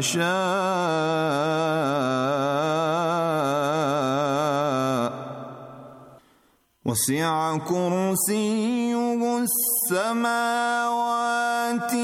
شاء وسع كرسيه السماوات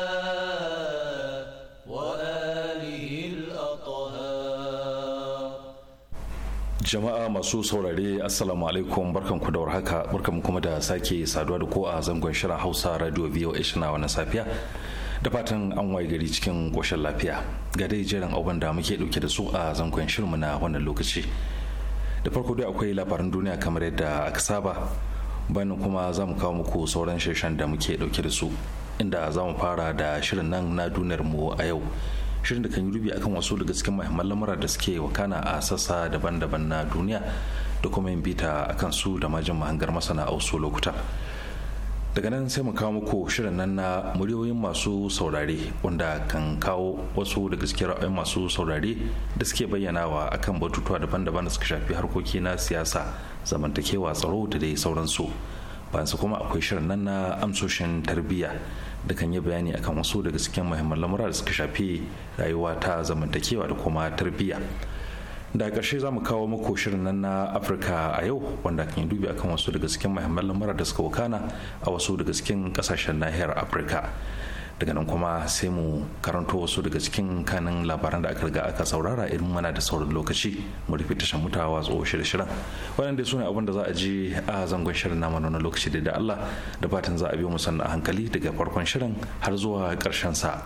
jama'a masu saurare assalamu alaikum barkan ku da warhaka barkan kuma da sake saduwa da ko a zangon shirin hausa radio voh na wani safiya da fatan an waye gari cikin koshin lafiya ga dai jiran abin da muke dauke da su a zangon shirinmu na wannan lokaci da farko dai akwai labaran duniya kamar yadda aka saba bayan kuma za mu kawo muku sauran sheshen da muke dauke da su inda za mu fara da shirin nan na duniyar mu a yau shirin da kan yi rubi akan wasu daga cikin mahimman lamura da suke wakana a sassa daban-daban na duniya da kuma yin bita akan su da majin mahangar masana a wasu lokuta daga nan sai mu kawo muku shirin nan na muryoyin masu saurare wanda kan kawo wasu daga cikin ra'ayoyin masu saurare da suke bayyanawa akan batutuwa daban-daban da suka shafi harkoki na siyasa zamantakewa tsaro da dai sauransu bayan su kuma akwai shirin nan na amsoshin tarbiyya da kan yi bayani akan wasu daga cikin muhimman lamura da suka shafi rayuwa ta zamantakewa da kuma tarbiyya da ƙarshe za mu kawo muku shirin nan na afirka a yau wanda kan yi dubi akan wasu daga cikin muhimman lamura da suka wakana a wasu daga cikin ƙasashen nahiyar afirka daga nan kuma sai mu karanto wasu daga cikin kanin labaran da aka riga aka saurara irin mana da sauran lokaci mu rufe tashan mutawa tsoho shirye shirin waɗanda su ne abin da za a ji a zangon shirin naman na lokaci da da Allah da fatan za a biyo mu sannan a hankali daga farkon shirin har zuwa ƙarshen sa.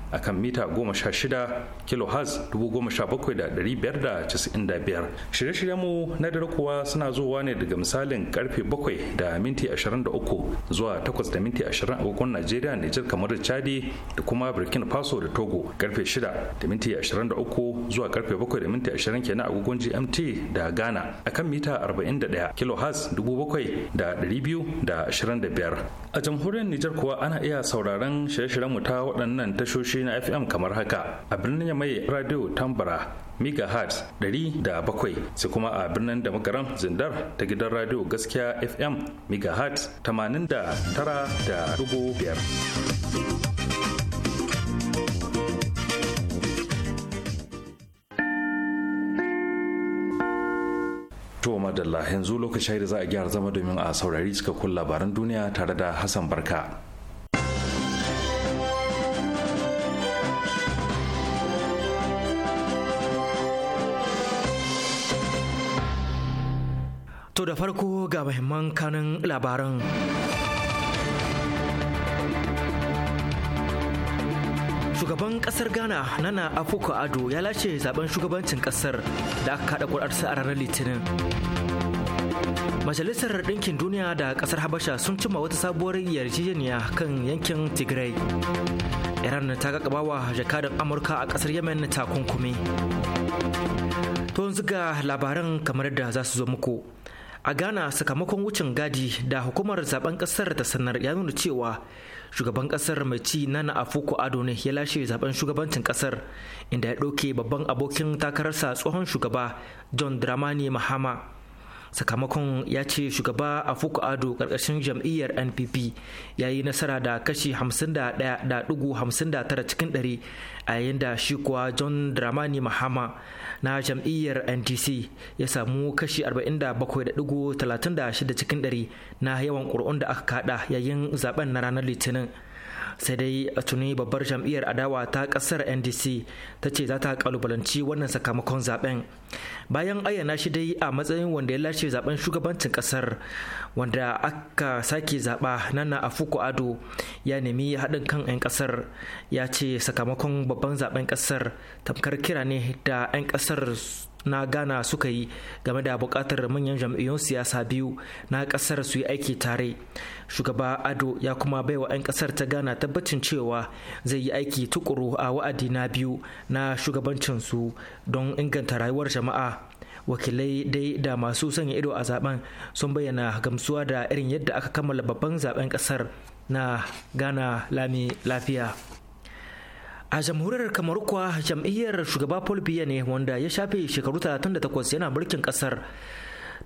a kan mita 16 kilohertz 17,595. Shirye-shiryen mu na dare kuwa suna zuwa ne daga misalin karfe 7 da minti 23 zuwa 8 da minti 20 agogon Najeriya, Nijar, kamar da Chadi da kuma Burkina Faso da Togo karfe 6 da minti 23 zuwa karfe 7 da minti 20 kenan agogon GMT da Ghana a kan mita 41 kilohertz 7,225. A jamhuriyar Nijar kuwa ana iya sauraron shirye-shiryen mu ta waɗannan tashoshi tashoshi na FM kamar haka a birnin mai radio Tambara megahertz 107 sai kuma a birnin da magaram zindar ta gidan radio gaskiya FM megahertz 89.5 To madalla yanzu lokacin da za a gyara zama domin a saurari cikakkun labaran duniya tare da Hassan Barka. To da farko ga muhimman kanin labaran. Shugaban kasar Ghana Nana Akufo Ado ya lashe zaben shugabancin kasar da aka kada ƙuri'arsa a ranar Litinin. Majalisar Ɗinkin Duniya da ƙasar Habasha sun cimma wata sabuwar yarjejeniya kan yankin Tigray. Iran ta kabawa jakadar Amurka a kasar Yemen takunkumi. To yanzu ga labaran kamar da za su zo muku. a ghana sakamakon wucin gadi da hukumar zaben kasar ta sanar ya nuna cewa shugaban kasar mai ci nana afuku ado ne ya lashe zaben shugabancin kasar inda ya ɗauke babban abokin takararsa tsohon shugaba john dramani mahama sakamakon ya ce shugaba a ado karkashin jam'iyyar npp ya yi nasara da kashi 51.59 cikin ɗari a yayin da shi kuwa john dramani mahama na jam'iyyar ndc ya samu kashi 47.36 cikin ɗari na yawan ƙuri'un da aka kada yayin zaben na ranar litinin sai dai a tuni babbar jam'iyyar adawa ta kasar ndc ta ce za ta kalubalanci wannan sakamakon zaben bayan ayyana shi dai a matsayin wanda ya lashe zaben shugabancin kasar wanda aka sake zaba nana a fuku ado ya nemi haɗin kan 'yan kasar ya ce sakamakon babban zaben kasar tamkar kira ne da 'yan kasar na ghana suka yi game da buƙatar manyan jam'iyyun siyasa biyu na kasar su yi aiki tare shugaba ado ya kuma baiwa 'yan kasar ta ghana tabbacin cewa zai yi aiki tukuru a wa'adi na biyu na shugabancinsu don inganta rayuwar jama'a wakilai dai da masu sanya ido a zaben sun bayyana gamsuwa da irin yadda aka kammala babban zaben kasar na ghana lami lafiya a jamhuriyar kamar kuwa jam'iyyar shugaba paul biya ne wanda ya shafe shekaru 38 yana mulkin kasar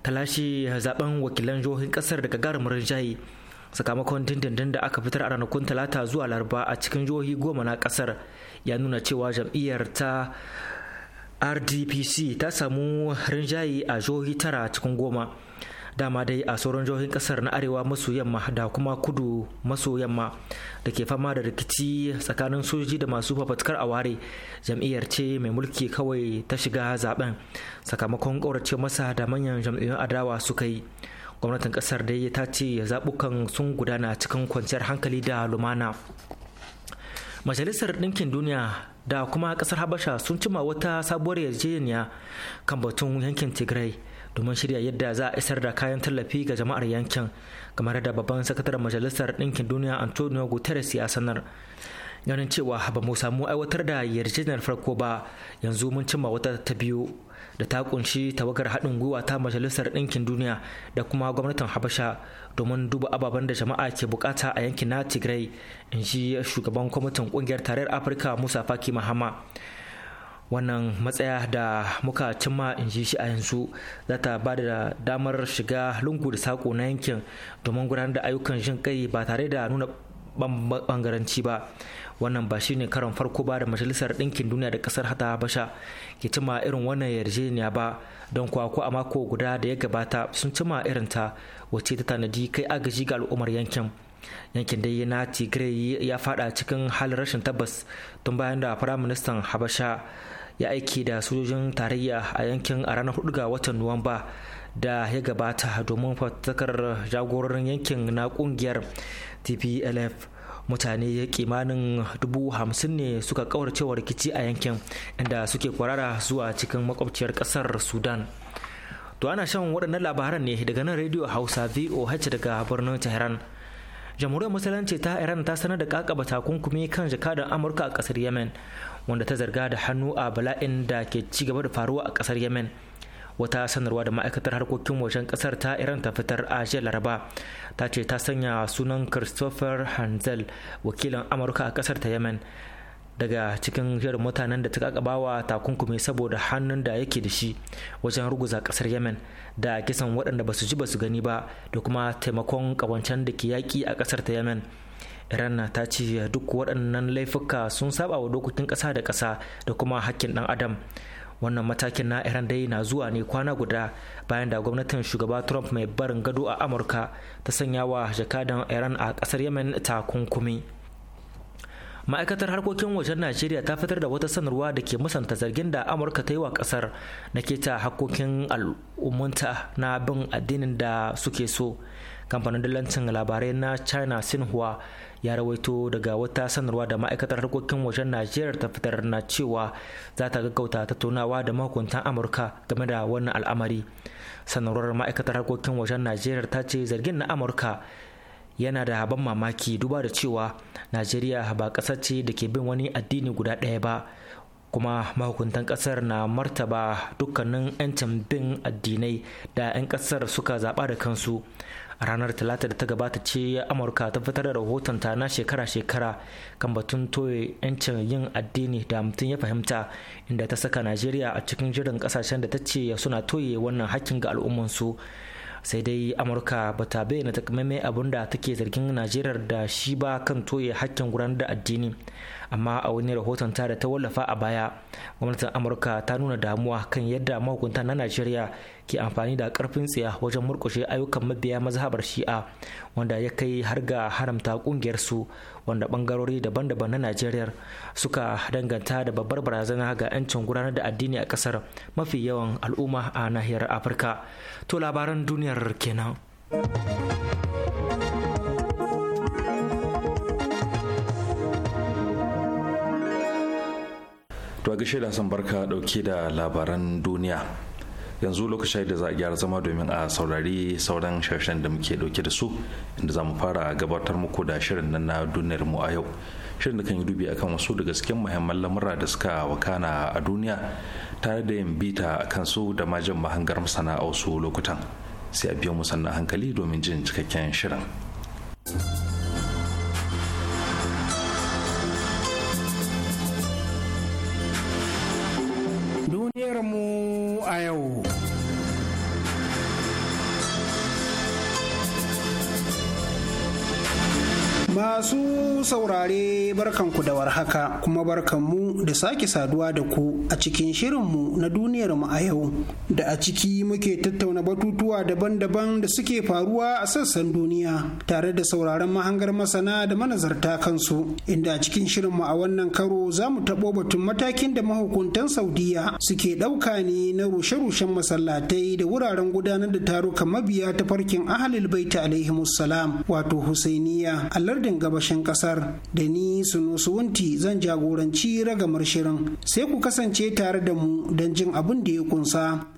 talashi zaben wakilan jihohin kasar daga garin rinjaye sakamakon dindindin da aka fitar a ranakun talata zuwa laraba a cikin jihohi goma na kasar ya nuna cewa jam'iyyar ta rdpc ta samu rinjayi a jihohi tara cikin goma dama dai a sauran jihohin kasar na arewa maso yamma da kuma kudu maso yamma da ke fama da rikici tsakanin sojoji da masu fafatkar aware jam'iyyar ce mai mulki kawai ta shiga zaben sakamakon ƙaurace masa da manyan jam'iyyun adawa suka yi gwamnatin kasar dai ta ce zaɓukan sun gudana cikin kwanciyar hankali da lumana majalisar ɗinkin duniya da kuma ƙasar habasha sun cima wata sabuwar yarjejeniya kan batun yankin tigray domin shirya yadda za a isar da kayan tallafi ga jama'ar yankin kamar da babban sakataren majalisar ɗinkin duniya antonio guterres ya sanar ganin cewa ba mu samu aiwatar da yarjejeniyar farko ba yanzu mun cimma wata ta biyu da ta kunshi tawagar haɗin gwiwa ta majalisar ɗinkin duniya da kuma gwamnatin habasha domin duba ababen da jama'a ke bukata a yankin na tigray in ji shugaban kwamitin ƙungiyar tarayyar afirka musa faki mahama wannan matsaya da muka cimma in ji shi a yanzu za ta ba da damar shiga lungu da sako na yankin domin gudanar da ayyukan jin kai ba tare da nuna bangaranci ba wannan ba shi ne karon farko ba da majalisar ɗinkin duniya da ƙasar hata habasha ke cima irin wannan yarjejeniya ba don kuwa ko a mako guda da ya gabata sun cima ta wacce ta tanadi kai agaji ga al'ummar yankin yankin dai na tigray ya fada cikin halin rashin tabbas tun bayan da firaministan habasha ya aiki da sojojin tarayya a yankin a ranar 4 ga watan nuwamba da ya gabata domin fatakar jagororin yankin na kungiyar tplf mutane kimanin dubu hamsin ne suka kauracewa rikici a yankin inda suke kwarara zuwa cikin makwabciyar kasar sudan to ana shan waɗannan labaran ne daga nan rediyo hausa voh daga birnin tehran jamhuriyar musulunci ta iran ta sanar da kakaba takunkumi kan jakadan amurka a kasar yemen wanda ta zarga da hannu a bala'in da ke ci gaba da faruwa a kasar yemen wata sanarwa da ma'aikatar harkokin wajen kasar ta iran ta fitar a laraba ta ce ta sanya sunan christopher hanzel wakilin amurka a kasar ta yemen daga cikin jerin mutanen da ta kakabawa takunkumi saboda hannun da yake da shi wajen ruguza kasar yemen da kisan waɗanda ba su ji ba su gani ba da kuma taimakon kawancen da ke yaƙi a kasar ta yemen iran ta ce duk waɗannan laifuka sun saba wa dokokin ƙasa da ƙasa da kuma hakkin ɗan adam wannan matakin na iran dai na zuwa ne kwana guda bayan da gwamnatin shugaba trump mai barin gado a amurka ta sanya wa jakadan iran a kasar yemen kunkumi. ma'aikatar harkokin wajen najeriya ta fitar da wata sanarwa da ke musanta zargin da amurka ta yi wa kasar na keta hakkokin al'ummunta na bin addinin da suke so kamfanin dillancin labarai na china sinhua ya rawaito daga wata sanarwa da ma'aikatar harkokin wajen najeriya ta fitar na cewa za ta gaggauta tattaunawa da mahukuntan amurka game da wannan al'amari sanarwar ma'aikatar harkokin wajen najeriya ta ce zargin na amurka yana da haban mamaki duba da cewa najeriya ba ƙasar ce da ke bin wani addini guda ɗaya ba kuma mahukuntan kasar na martaba dukkanin 'yancin bin addinai da 'yan ƙasar suka zaɓa da kansu ranar talata da ta gabata ce amurka ta fitar da rahotonta na shekara-shekara kan batun toye 'yancin yin addini da mutum ya fahimta inda ta saka najeriya a cikin jirin kasashen da ta ce suna toye wannan hakkin ga al'ummansu sai dai amurka ba ta bayyana takamaimai abin da take zargin najeriya da shi ba kan toye hakkin gudanar da addini amma a wani rahoton ta da ta wallafa a baya gwamnatin amurka ta nuna damuwa kan yadda mahukunta na najeriya ke amfani da karfin tsiya wajen murkushe ayyukan mabiya mazhabar shi'a wanda ya kai har ga haramta kungiyar su wanda bangarori daban-daban na najeriya suka danganta da babbar barazana ga 'yancin gudanar da addini a kasar mafi yawan al'umma a nahiyar afirka to labaran duniyar kenan to a gashe da barka dauke da labaran duniya yanzu lokacin da za a gyara zama domin a saurari sauran sharshen da muke dauke da su inda za mu fara gabatar muku da shirin nan na duniyar mu a yau shirin da kan yi dubi akan wasu daga cikin muhimman lamura da suka wakana a duniya tare da yin bita akan su da majin mahangar masana a wasu lokutan sai a biyo mu sannan hankali domin jin cikakken shirin. a yau. Masu saurare barkanku da warhaka kuma barkanmu da sake saduwa da ku a cikin shirinmu na duniyar mu a yau da a ciki muke tattauna batutuwa daban-daban da suke faruwa a sassan duniya tare da sauraron mahangar masana da manazarta kansu inda a cikin shirinmu a wannan karo za mu taɓo batun matakin da mahukuntan Saudiya suke ɗauka ne na rushe-rushen masallatai da wuraren gudanar da tarukan mabiya ta farkin ahalil baita alaihimus salam wato Husainiya a lardin gabashin kasar da ni sunusu wunti zan jagoranci ragamar shirin sai ku kasance tare da mu don jin abin da ya kunsa.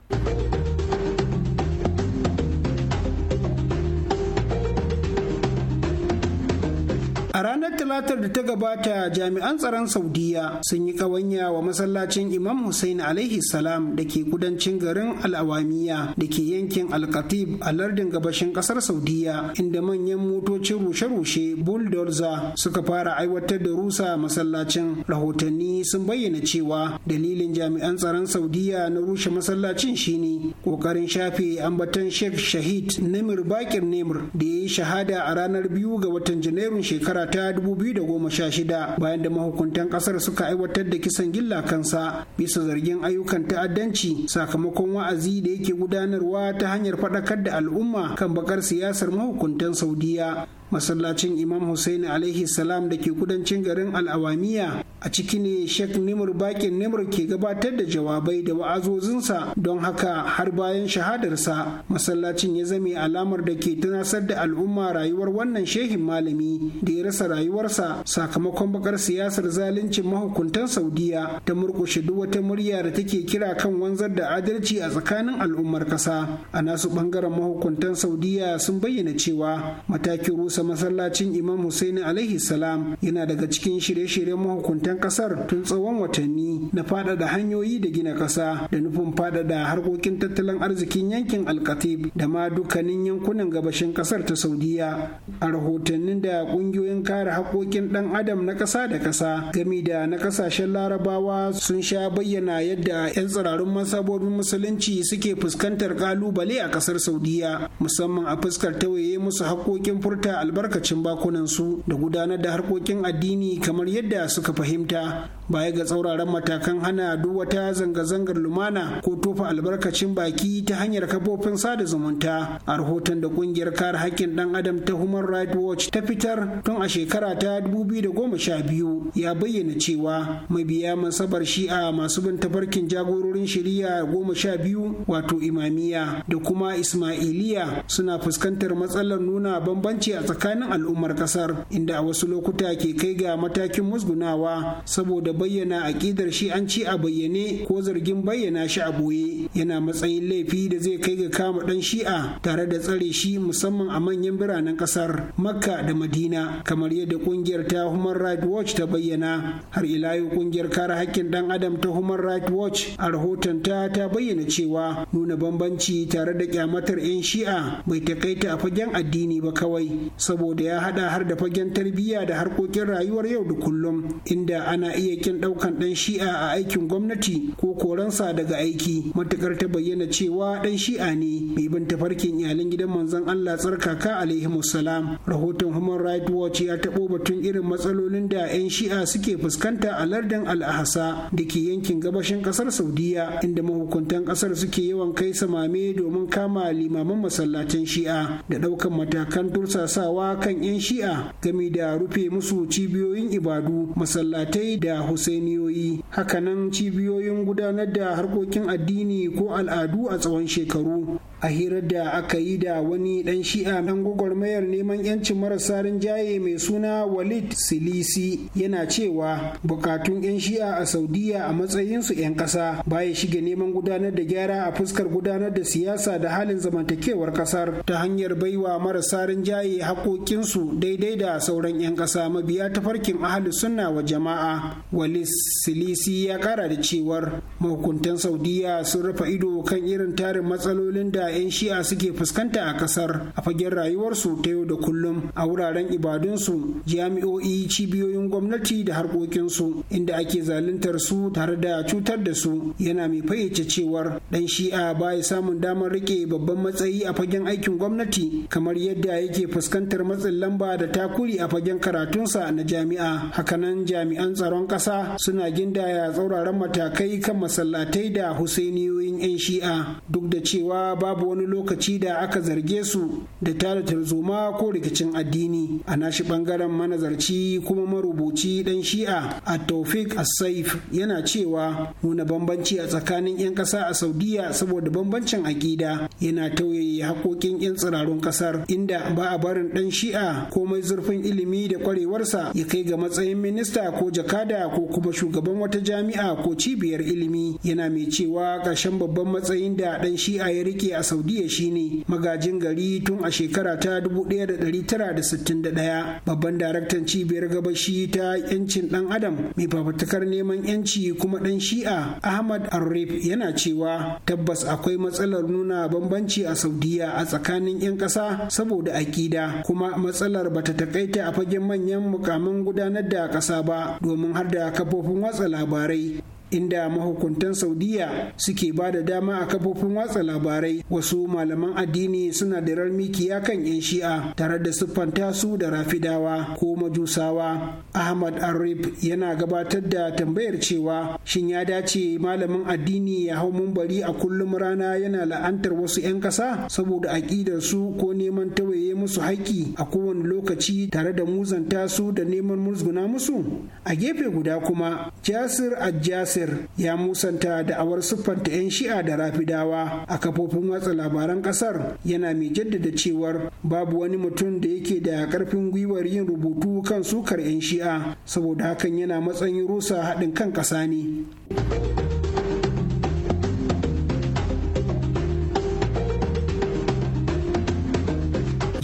talatar da ta gabata jami'an tsaron saudiya sun yi kawanya wa masallacin imam hussein alaihi salam da ke kudancin garin al'awamiya da ke yankin alkatib a lardin gabashin kasar saudiya inda manyan motocin rushe-rushe bulldozer suka fara aiwatar da rusa masallacin rahotanni sun bayyana cewa dalilin jami'an tsaron saudiya na rushe masallacin shine kokarin shafe ambaton sheikh shahid namir bakir nemir da ya yi shahada a ranar biyu ga watan janairun shekara ta dubu 2016 bayan da mahukuntan kasar suka aiwatar da kisan gilla kansa bisa zargin ayyukan ta'addanci sakamakon wa'azi da yake gudanarwa ta hanyar faɗakar da al'umma kan bakar siyasar mahukuntan saudiya masallacin imam hussein alaihi salam da ke kudancin garin al'awamiya a ciki ne sheikh nimr bakin nimr ke gabatar da jawabai da wa'azozinsa don haka har bayan shahadarsa masallacin ya zame alamar da ke tunasar da al'umma rayuwar wannan shehin malami da ya rasa rayuwarsa sakamakon bakar siyasar zaluncin mahukuntan saudiya ta murkushe duk wata murya da take kira kan wanzar da adalci a tsakanin al'ummar kasa a nasu bangaren mahukuntan saudiya sun bayyana cewa matakin rusa rusa masallacin imam Hussein alaihi salam yana daga cikin shirye-shiryen mahukuntan kasar tun tsawon watanni na faɗaɗa hanyoyi da gina ƙasa da nufin faɗaɗa harkokin tattalin arzikin yankin alkatib da ma dukkanin yankunan gabashin ƙasar ta saudiya a rahotannin da ƙungiyoyin kare haƙoƙin ɗan adam na ƙasa da ƙasa gami da na ƙasashen larabawa sun sha bayyana yadda 'yan tsirarun masabobin musulunci suke fuskantar ƙalubale a ƙasar saudiya musamman a fuskar tawaye musu haƙoƙin furta albarkacin su da gudanar da harkokin addini kamar yadda suka fahimta baya ga tsauraran matakan hana duk wata zanga-zangar lumana ko tofa albarkacin baki ta hanyar kafofin sada zumunta a rahoton da kungiyar kare hakkin dan adam ta human rights watch ta fitar tun a shekara ta 2012 ya bayyana cewa mabiya masabar shi'a masu bin tafarkin jagororin shari'a goma sha biyu wato imamiya da kuma ismailiya suna fuskantar matsalar nuna bambanci a tsakanin al'ummar kasar inda a wasu lokuta ke kai ga matakin musgunawa saboda bayyana aƙidar shi'anci a bayyane ko zargin bayyana shi a boye yana matsayin laifi da zai kai ga kama ɗan shi'a tare da tsare shi musamman a manyan biranen ƙasar makka da madina kamar yadda ƙungiyar ta human rights watch ta bayyana har ila yau ƙungiyar kare haƙƙin ɗan adam ta human rights watch a rahoton ta ta bayyana cewa nuna bambanci tare da kyamatar 'yan shi'a bai takaita a fagen addini ba kawai saboda ya haɗa har da fagen tarbiyya da harkokin rayuwar yau da kullum inda ana iya matakin ɗaukan ɗan shi'a a aikin gwamnati ko koransa daga aiki matukar ta bayyana cewa ɗan shi'a ne mai bin tafarkin iyalan gidan manzon Allah tsarkaka alaihi salam rahoton Human Rights Watch ya taɓo batun irin matsalolin da 'yan shi'a suke fuskanta a lardin Al-Ahsa da ke yankin gabashin ƙasar Saudiya inda mahukuntan ƙasar suke yawan kai samame domin kama limaman masallacin shi'a da ɗaukan matakan tursasawa kan 'yan shi'a game da rufe musu cibiyoyin ibadu masallatai da husainiyoyi hakanan cibiyoyin gudanar da harkokin addini ko al'adu a tsawon shekaru a hirar da aka yi da wani ɗan shi'a dan gwagwarmayar neman yancin marasa rinjaye mai suna walid silisi yana cewa bukatun yan shi'a a saudiya a matsayinsu 'yan ƙasa baya shiga neman gudanar da gyara a fuskar gudanar da siyasa da halin zamantakewar ƙasar ta hanyar baiwa marasa rinjaye haƙoƙinsu daidai da sauran 'yan ƙasa mabiya tafarkin ahalus sunna wa jama'a walis silisi ya kara da cewar mahukuntan saudiya sun rufe ido kan irin tarin matsalolin da 'yan shi'a suke fuskanta a kasar a fagen rayuwarsu ta yau da kullum a wuraren ibadunsu jami'o'i cibiyoyin gwamnati da harkokinsu inda ake zaluntar su tare da cutar da su yana mai fayyace cewar dan shi'a baya samun damar rike babban matsayi a fagen aikin gwamnati kamar yadda yake fuskantar matsin lamba da takuri a fagen karatunsa na jami'a hakanan jami'an tsaron ƙasa ƙasa suna gindaya tsauraran matakai kan masallatai da husainiyoyin 'yan shi'a duk da cewa babu wani lokaci da aka zarge su da tada tarzoma ko rikicin addini a nashi bangaren manazarci kuma marubuci ɗan shi'a a taufik asaif yana cewa nuna bambanci a tsakanin 'yan ƙasa a saudiya saboda bambancin aƙida yana tauye haƙoƙin 'yan tsirarun ƙasar inda ba a barin ɗan shi'a komai zurfin ilimi da kwarewarsa ya kai ga matsayin minista ko jakada ko kuma shugaban wata jami'a ko cibiyar ilimi yana mai cewa ƙarshen babban matsayin da ɗan shi'a ya rike a saudiya shine magajin gari tun a shekara ta sittin 1961 babban daraktan cibiyar gabashi ta yancin ɗan adam mai fafatakar neman yanci kuma ɗan shi'a ahmad arif yana cewa tabbas akwai matsalar nuna bambanci a saudiya a tsakanin 'yan ƙasa saboda aƙida kuma matsalar bata takaita a fagen manyan mukamin gudanar da ƙasa ba domin har da kafofin watsa labarai inda mahukuntan saudiya suke ba da dama a kafofin watsa labarai wasu malaman addini suna da mikiya kan 'yan shi'a tare da siffanta su da rafidawa ko majusawa ahmad arif yana gabatar da tambayar cewa shin ya dace malamin addini ya hau mumbari a kullum rana yana la'antar wasu 'yan ƙasa saboda aƙidar su ko neman tawaye musu haƙƙi a kowane lokaci tare da muzanta su da neman musguna musu a gefe guda kuma jasir ajasir nasir ya musanta da'awar siffanta 'yan shi'a da rafidawa a kafofin watsa labaran kasar yana mai jaddada cewar babu wani mutum da yake da karfin gwiwar yin rubutu kan sukar 'yan shi'a saboda hakan yana matsayin rusa haɗin kan ƙasa ne.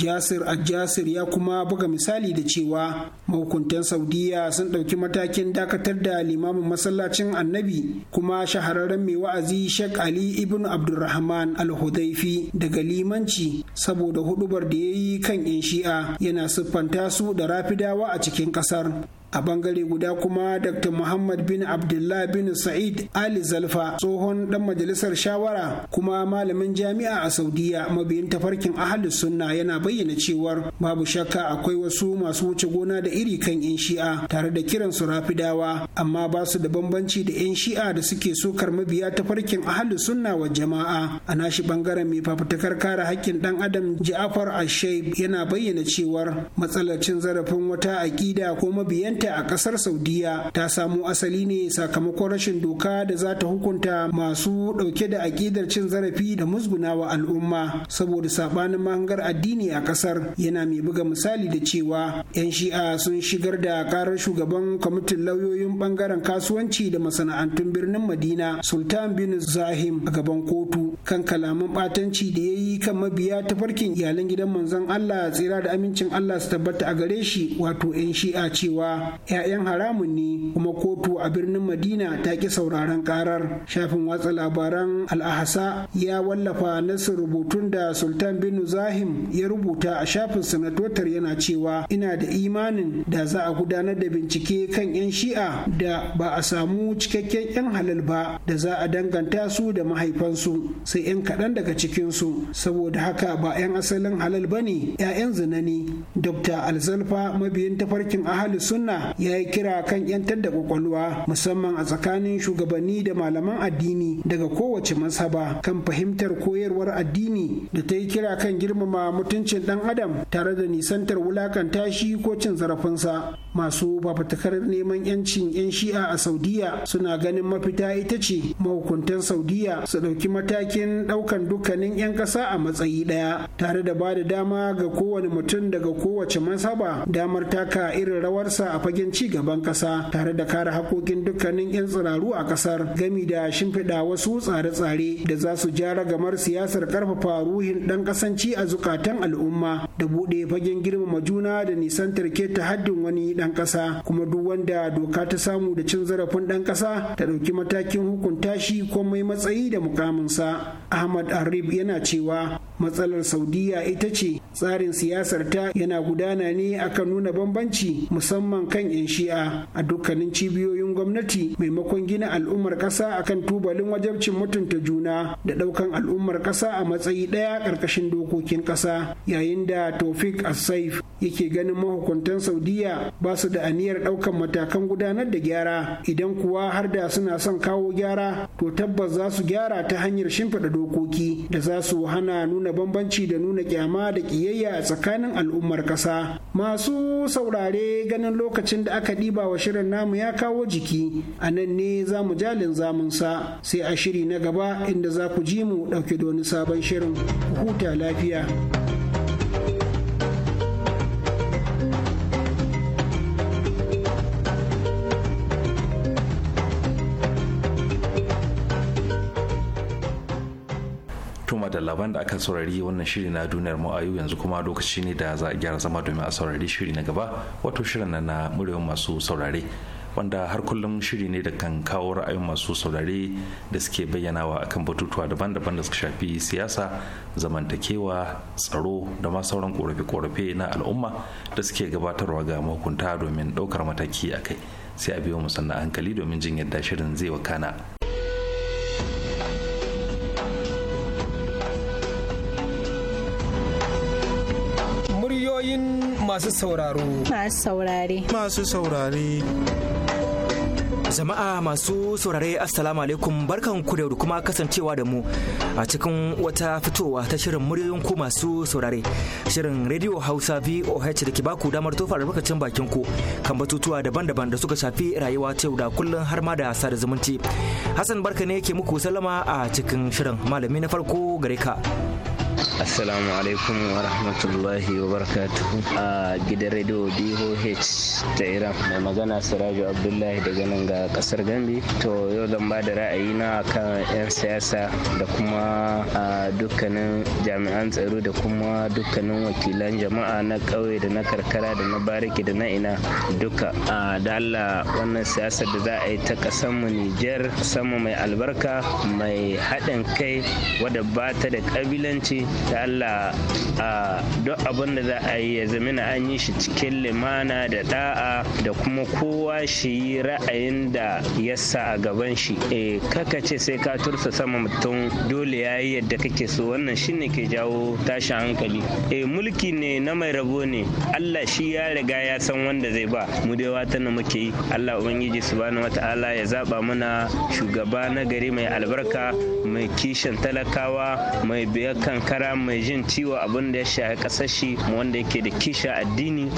Jasir Al-Jasir ya kuma buga misali da cewa mahukuntan Saudiya sun ɗauki matakin dakatar da limamin masallacin annabi kuma shahararren mai wa'azi Sheikh Ali ibn Abdulrahman Al-Hudaifi daga limanci saboda hudubar da ya yi kan 'yan shi'a yana siffanta su da rafidawa a cikin ƙasar. a bangare guda kuma dr muhammad bin abdullah bin sa'id ali zalfa tsohon dan majalisar shawara kuma malamin jami'a a saudiya mabiyin tafarkin ahli sunna yana bayyana cewar babu shakka akwai wasu masu wuce gona da iri kan yan shi'a tare da kiran su rafidawa amma ba su da bambanci da yan shi'a da suke sokar mabiya tafarkin ahli sunna wa jama'a a nashi bangaren mai fafutukar kare hakkin dan adam ja'afar ashaib yana bayyana cewar matsalar cin zarafin wata aƙida ko mabiyanta ta a kasar saudiya ta samo asali ne sakamakon rashin doka da za ta hukunta masu dauke da aƙidar cin zarafi da musgunawa al'umma saboda sabanin mahangar addini a kasar yana mai buga misali da cewa 'yan shi'a sun shigar da karar shugaban kwamitin lauyoyin bangaren kasuwanci da masana'antun birnin madina sultan bin zahim a gaban kotu kan kalaman batanci da ya yi kan mabiya tafarkin iyalan gidan manzon allah tsira da amincin allah su tabbata a gare shi wato 'yan shi'a cewa 'ya'yan haramun ne kuma kotu a birnin madina ta ki sauraron karar shafin watsa labaran al'ahasa ya wallafa nasu rubutun da sultan binu zahim ya rubuta a shafin sanatotar yana cewa ina da imanin da za a gudanar da bincike kan 'yan shi'a da ba a samu cikakken 'yan halal ba da za a danganta su da mahaifansu sai 'yan kaɗan daga cikinsu saboda haka ba 'yan asalin halal ba ne 'ya'yan zinani. dr alzalfa mabiyin tafarkin ahalus sunna Ghana ya yi kira kan 'yantar da kwakwalwa musamman a tsakanin shugabanni da malaman addini daga kowace masaba kan fahimtar koyarwar addini da ta yi kira kan girmama mutuncin dan adam tare da nisantar wulakanta shi ko cin zarafinsa masu fafatakar neman 'yancin 'yan shi'a a saudiya suna ganin mafita ita ce mahukuntan saudiya su ɗauki matakin ɗaukan dukkanin 'yan ƙasa a matsayi ɗaya tare da ba da dama ga kowane mutum daga kowace masaba damar taka irin rawarsa a fagen ci gaban ƙasa tare da kare hakokin dukkanin 'yan tsiraru a ƙasar gami da shimfiɗa wasu tsare-tsare da za su ja ragamar siyasar ƙarfafa ruhin ɗan ƙasanci a zukatan al'umma da buɗe fagen girmama juna da nisantar keta haddin wani ɗan ƙasa kuma duk wanda doka ta samu da cin zarafin ɗan ƙasa ta ɗauki matakin hukunta shi ko mai matsayi da mukaminsa ahmad arif yana cewa matsalar saudiya ita ce tsarin siyasar ta yana gudana ne akan nuna bambanci musamman kan 'yan shi'a a dukkanin cibiyoyin gwamnati maimakon gina al'ummar ƙasa akan tubalin wajabcin mutunta juna da ɗaukan al'ummar ƙasa a matsayi ɗaya ƙarƙashin dokokin ƙasa yayin da tofik asaif yake ganin mahukuntan saudiya ba su da aniyar ɗaukan matakan gudanar da gyara idan kuwa har da suna son kawo gyara to tabbas za su gyara ta hanyar shimfiɗa dokoki da za su hana nuna bambanci da nuna kyama da ƙiyayya a tsakanin al'ummar ƙasa masu saurare ganin lokacin da aka ɗiba wa shirin namu ya kawo jiki a nan ne za mu jalin zamunsa sai a shiri na gaba inda za ku ji mu ɗauke da sabon shirin huta lafiya. bayan da aka saurari wannan shiri na duniyar mu a yanzu kuma lokaci ne da za a gyara zama domin a saurari shiri na gaba wato shirin na na muryoyin masu saurare wanda har kullum shiri ne da kan kawo ra'ayin masu saurare da suke bayyanawa akan batutuwa daban-daban da suka shafi siyasa zamantakewa tsaro da ma sauran korafe-korafe na al'umma da suke gabatarwa ga mahukunta domin ɗaukar mataki a kai sai a biyo musanna hankali domin jin yadda shirin zai wakana. masu sauraro. Masu saurare. Masu saurare. Jama'a masu saurare Assalamu alaikum barkan ku da kuma kasancewa da mu a cikin wata fitowa ta shirin muryoyin ku masu saurare shirin Radio Hausa VOH da ke baku damar tofa albarkacin bakin ku kan batutuwa daban-daban da suka shafi rayuwa ta yau da kullun har ma da sada zumunci. Hassan barka ne ke muku salama a cikin shirin malami na farko gare ka. assalamu alaikum wa rahmatullahi wa barakatuh a gidan radio doh ta iran mai magana siraju abdullahi daga nan ga kasar gambi to yau zan ba da ra'ayi na kan 'yan siyasa da kuma dukkanin jami'an tsaro da kuma dukkanin wakilan jama'a na ƙauye da na karkara da na bariki da na ina duka da allah wannan siyasar da za a yi ta ƙasanmu nijar sama mai albarka mai haɗin kai wadda ba ta da ƙabilanci ta Allah a duk abin da za a yi ya zamina an yi shi cikin limana da da'a da kuma kowa shi yi ra'ayin da ya sa a gaban shi e kaka ce sai ka tursa sama mutum dole ya yi yadda kake so wannan shine ke jawo tashin hankali e mulki ne na mai rabo ne Allah shi ya riga ya san wanda zai ba mu dai wata na muke yi Allah ubangiji subhanahu wataala ya zaba mana shugaba na gari mai albarka mai kishin talakawa mai biyar kankara. ra'ayin mai jin ciwo abin da ya shafi kasar shi wanda yake da kisha addini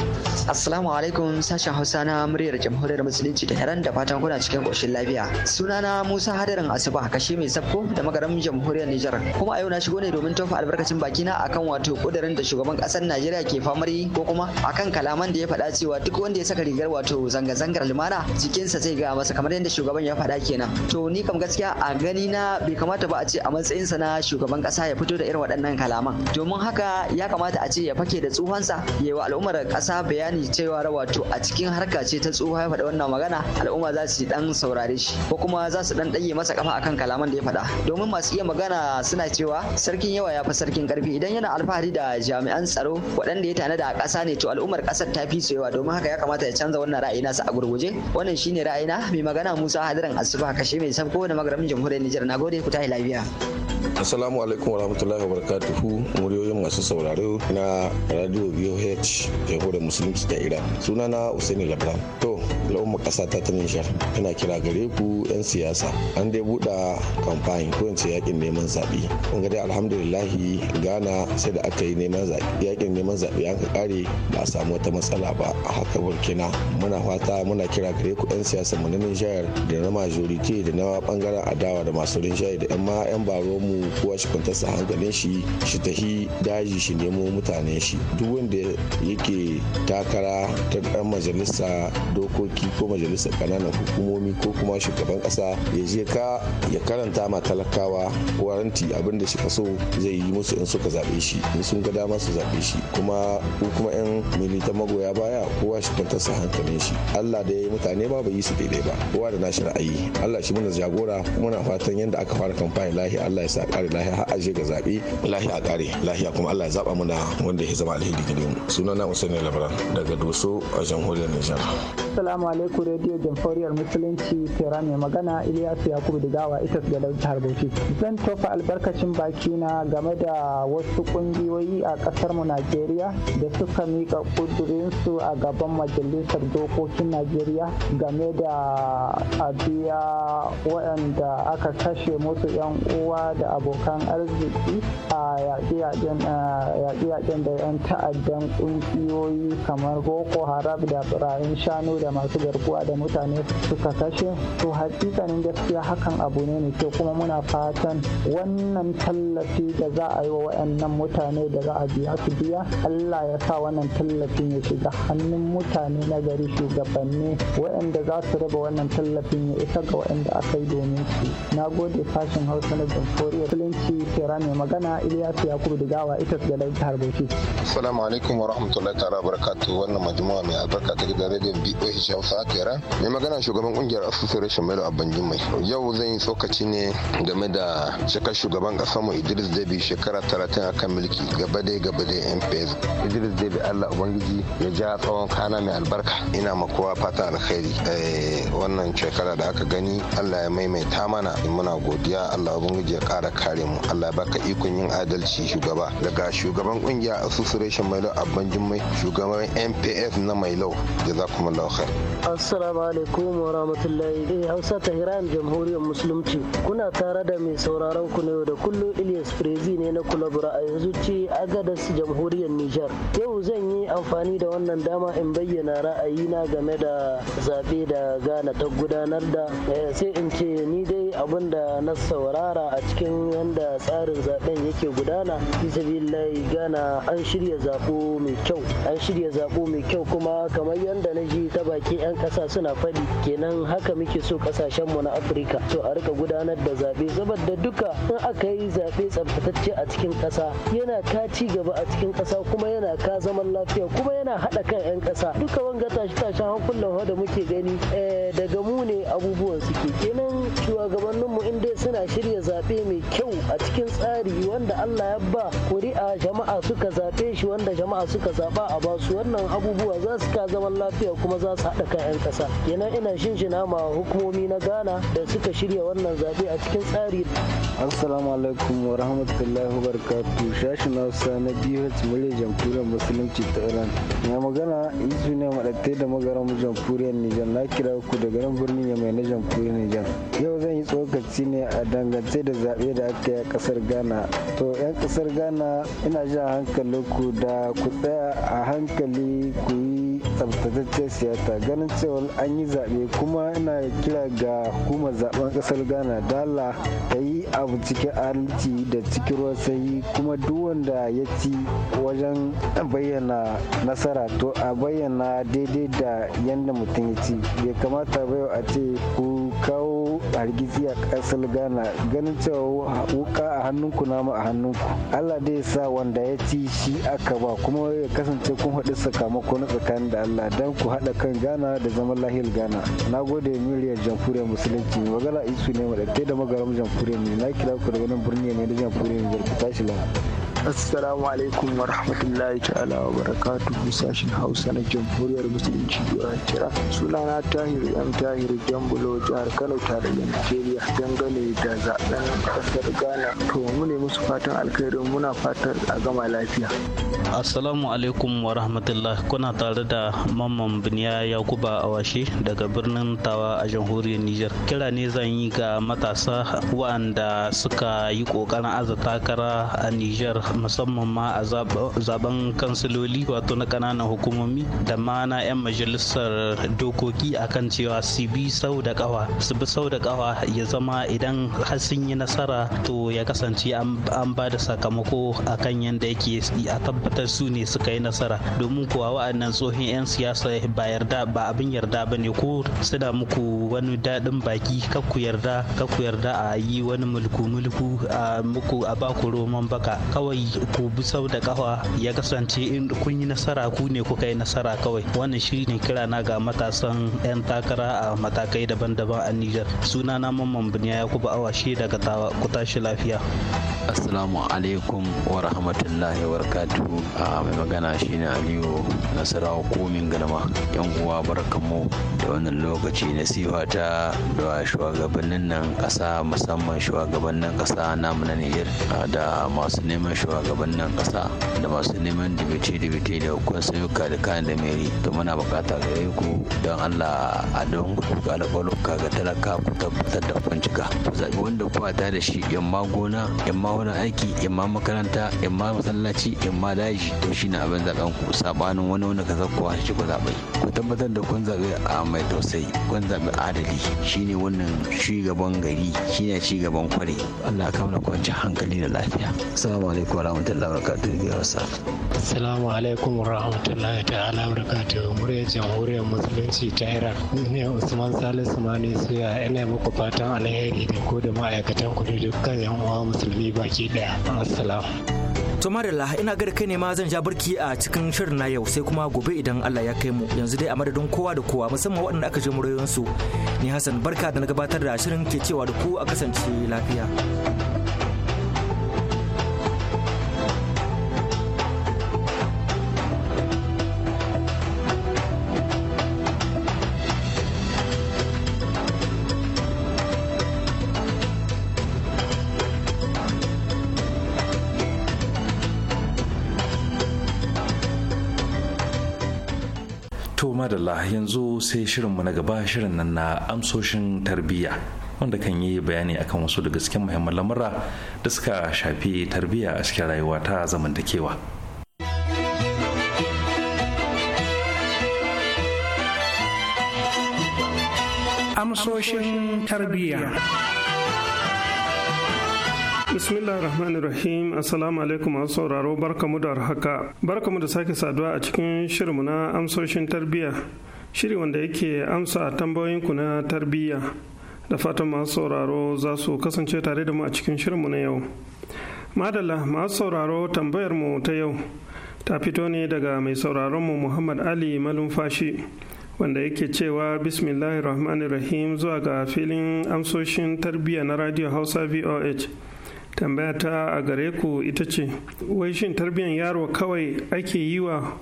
assalamu alaikum sashen hausa na muryar jamhuriyar musulunci da iran da fatan kuna cikin ƙoshin lafiya sunana musa hadarin asuba kashe mai sabko da magaram jamhuriyar nijar kuma a yau na shigo ne domin tofa albarkacin bakina akan wato kudirin da shugaban kasar najeriya ke famari? yi ko kuma akan kalaman da ya faɗa cewa duk wanda ya saka rigar wato zanga-zangar lumana jikinsa zai ga masa kamar yadda shugaban ya faɗa kenan to ni kam gaskiya a gani na bai kamata ba a ce a matsayinsa na shugaban kasa ya fito da irin waɗannan kalaman domin haka ya kamata a ce ya fake da tsuhansa ya yi wa al'ummar ƙasa bayani cewa wato a cikin harka ce ta tsuha ya faɗi wannan magana al'umma za su dan saurare shi ko kuma za su dan ɗage masa kafa akan kalaman da ya faɗa domin masu iya magana suna cewa sarkin yawa ya fi sarkin karfi idan yana alfahari da jami'an tsaro waɗanda ya tanada a ƙasa ne to al'ummar ƙasar ta fi soyawa domin haka ya kamata ya canza wannan ra'ayi nasa a gurguje wannan shine ra'ayina mai magana Musa Hadiran Asuba kashe mai sabko da magaramin jamhuriyar Nijar nagode ku tahi lafiya Assalamu alaikum wa rahmatullahi wa barakatuhu muryoyin masu sauraro na Radio VOH Jamhuriyar Musulunci ta Iran. Sunana Usaini Labran. To al'ummar kasa ta ta nishar ina kira gare ku 'yan siyasa an dai buɗa kamfani ko in ce yakin neman zaɓe kun ga dai alhamdulillahi gana sai da aka yi neman zaɓe yakin neman zaɓe an ka kare ba a samu wata matsala ba a haka Burkina muna fata muna kira gare ku 'yan siyasa mu na nishar da na majority da na bangaren adawa da masu rinjaye da 'yan ma 'yan baro mu kowa shi sa hankalin shi shi tahi daji shi nemo mutane shi duk wanda yake takara ta ɗan majalisa doko dokoki ko majalisar ƙananan hukumomi ko kuma shugaban kasa ya je ka ya karanta ma talakawa waranti abin da suka so zai yi musu in suka zabe shi in sun ga dama su zaɓe shi kuma ko kuma 'yan milita magoya baya kowa shi kwantar sa hankalin shi Allah da ya yi mutane ba bai yi su daidai ba kowa da nashi ra'ayi Allah shi muna jagora na fatan yadda aka fara kamfani lahi Allah ya sa kare lahi har aje ga zaɓe lahi a kare lahi kuma Allah ya zaba muna wanda ya zama alheri gare mu sunana Usaini Labaran daga Doso a jamhuriyar Nijar. Assalamu alaikum Radio Jamhuriyar Musulunci Tera mai magana Ilyasu Yakubu Digawa ita da jihar Bauchi. Zan tofa albarkacin baki na game da wasu kungiyoyi a kasar mu Najeriya da suka mika kudurin su a gaban majalisar dokokin Najeriya game da abiya waɗanda aka kashe musu yan uwa da abokan arziki a yaƙi-yaƙen da 'yan ta'addan kungiyoyi kamar Boko Haram da birayin shanu da masu garkuwa da mutane suka kashe to hakikanin gaskiya hakan abu ne ne ke kuma muna fatan wannan tallafi da za a yi wa wayannan mutane da za a biya su biya Allah ya sa wannan tallafin ya shiga hannun mutane na gari shugabanni wayanda za su raba wannan tallafin ya isa ga wayanda aka yi domin su na gode fashin hausa na jamhuriyar filinci tera mai magana ilyasu yakubu digawa ita su galar jihar bauchi assalamu alaikum wa rahmatullahi ta'ala barakatu wannan majmu'a mai albarka ta gidan rediyon boh sashen hausa tera mai magana shugaban kungiyar asusun rashin mai da abban yau zan yi tsokaci ne game da cikar shugaban kasar mu idris debi shekara talatin a kan mulki gaba dai gaba dai mps idris debi allah ubangiji ya ja tsawon kana mai albarka ina ma fata alkhairi eh, wannan shekara da aka gani allah ya maimaita mana muna godiya allah ubangiji ya kara kare mu allah ya baka ikon yin adalci shugaba daga shugaban kungiya asusun rashin mai da abban shugaban mps na mai lau jazakumullahu khair Assalamu alaikum wa rahmatullahi eh Hausa Tehran Jamhuriyar Musulunci kuna tare da mai sauraron ku ne da kullum Ilyas Frezi ne na kulabura a yanzu ce Agadas Jamhuriyar Nijar yau zan yi amfani da wannan dama in bayyana ra'ayina game da zabe da Ghana ta gudanar da eh, sai in ce ni dai abinda da na saurara a cikin yanda tsarin zaben yake gudana bisabillahi gana an shirya zabo mai kyau an shirya zabo mai kyau kuma kamar yanda na ji ta baki bakin 'yan kasa suna faɗi kenan haka muke so kasashen mu na afirka to a rika gudanar da zaɓe da duka in aka yi zaɓe tsabtatacce a cikin kasa yana ka ci gaba a cikin kasa kuma yana ka zaman lafiya kuma yana haɗa kan 'yan kasa duka wanga tashi tashen hankulan da muke gani eh, daga mu ne abubuwan suke kenan shugabanninmu in dai suna shirya zaɓe mai kyau a cikin tsari wanda Allah ya ba kuri'a jama'a suka zaɓe shi wanda jama'a suka zaɓa a basu wannan abubuwa za su ka zaman lafiya kuma za su haɗa kan 'yan ƙasa yana ina shinshina ma hukumomi na ghana da suka shirya wannan zaɓe a cikin tsari assalamu alaikum wa rahmatullahi wa barakatuh shashin hausa na bh murya jamhuriyar musulunci ta iran mai magana yanzu ne maɗatai da magaran jamhuriyar nijar na kira ku da garin birnin yamai na jamhuriyar nijar yau zan yi tsokaci ne a dangance da zaɓe da aka yi a ƙasar ghana to 'yan ƙasar ghana ina jan ku da ku tsaya a hankali ku yi tsabtataccen siyasa ganin cewa an yi zaɓe kuma ina kira ga hukumar zaben ƙasar ghana dala ta yi abu cikin adalci da cikin ruwan sanyi kuma duk wanda ya ci wajen bayyana nasara to a bayyana daidai da yadda mutum ya ci bai kamata ba a ce ku kawo hargitsi a ƙasar ghana ganin cewa wuka a hannunku ma a hannunku allah dai sa wanda ya ci shi aka ba kuma ya kasance kun haɗu sakamako na tsakanin da Allah dan ku haɗa kan gana da zaman lahiyar Ghana. Na gode miliyar jamhuriyar musulunci magana isu ne madatte da magaram jamhuriyar ne na kira ku daga nan birni ne da jamhuriyar Nijar ku tashi assalamu alaikum wa rahmatullahi ta'ala wa barakatuhu sashen hausa na jamhuriyar musulunci a tira sunana tahir yan tahir jambulo jihar kano tare da nigeria dangane da zaben kasar ghana to mu ne musu fatan alkhairi muna fatar a gama lafiya assalamu alaikum wa rahmatullahi kuna tare da mamman biniya yakuba awashe daga birnin tawa a jamhuriyar niger kira ne zan yi ga matasa waɗanda suka yi ƙoƙarin aza takara a niger musamman ma a zaben kansiloli wato na ƙananan hukumomi da ma na 'yan majalisar dokoki akan cewa su bi sau da ƙawa su bi sau da ƙawa ya zama idan har sun yi nasara to ya kasance an ba da sakamako akan yadda yake a tabbatar su ne suka yi nasara domin kuwa wa'annan tsohon 'yan siyasa ba yarda ba abin yarda ba ne ko suna muku wani daɗin baki kakku yarda ku yarda a yi wani mulku mulku a muku a baku roman baka kawai ko bi sau da kafa ya kasance in kun yi nasara ku ne ku kai nasara kawai wannan shi ne kira na ga matasan 'yan takara a matakai daban-daban a niger suna na mamman biniya ya kuba awashe daga tawa ku tashi lafiya Assalamu alaikum wa rahmatullahi wa barakatuhu a mai magana shine Aliyu Nasarawa komin galma yan uwa barkamu da wannan lokaci na siwa ta da shugabannin nan kasa musamman shugabannin kasa namu na Nijar da masu neman shugabannin ƙasa da masu neman dibiti-dibiti da kwansayuka da kayan da meri to muna bukata gare ku don allah a don kuka da kwaluka ga talaka ku tabbatar da kun cika zaɓi wanda ku ta da shi yan ma gona yan ma wani aiki yan ma makaranta yan ma masallaci yan ma daji to shi na abin zaɓen ku sabanin wani wanda ka zakkowa shi ku zaɓe ku tabbatar da kun zaɓe a mai tausayi kun zaɓe adali shine wannan shugaban gari shine shugaban kware allah kamar kwanci hankali da lafiya assalamu alaikum alaikum warahmatullahi wabarakatuh bi wasa assalamu alaikum warahmatullahi ta'ala wabarakatuh jamhuriyar musulunci ta Iran ne Usman Salisu Mani Suya ina muku fatan alheri da ko da ma'aikatan ku dukkan yan uwa musulmi baki daya assalamu to marilla ina ga kai ne ma zan ja barki a cikin shirin na yau sai kuma gobe idan Allah ya kai mu yanzu dai a madadin kowa da kowa musamman waɗanda aka je murayoyinsu ni Hassan barka da na gabatar da shirin ke cewa da ku a kasance lafiya. madalla yanzu sai shirinmu na gaba shirin nan na amsoshin tarbiyya wanda kan yi bayani akan wasu daga cikin muhimman lamura da suka shafi tarbiyya a cikin rayuwa ta zamantakewa. Amsoshin tarbiyya. bismillah rahman rahim assalamu alaikum masu sauraro barkamu da haka barkamu da sake saduwa a cikin shirinmu na amsoshin tarbiyya shiri wanda yake amsa tambayoyinku na tarbiyya da fatan masu sauraro za su kasance tare da mu a cikin shirinmu na yau madalla masu sauraro tambayar mu ta yau ta fito ne daga mai sauraron mu muhammad ali malumfashi wanda yake cewa bismillahir zuwa ga filin amsoshin tarbiyya na radio hausa voh tambaya ta a gare ku ita ce wai shin tarbiyyar yaro kawai ake yi wa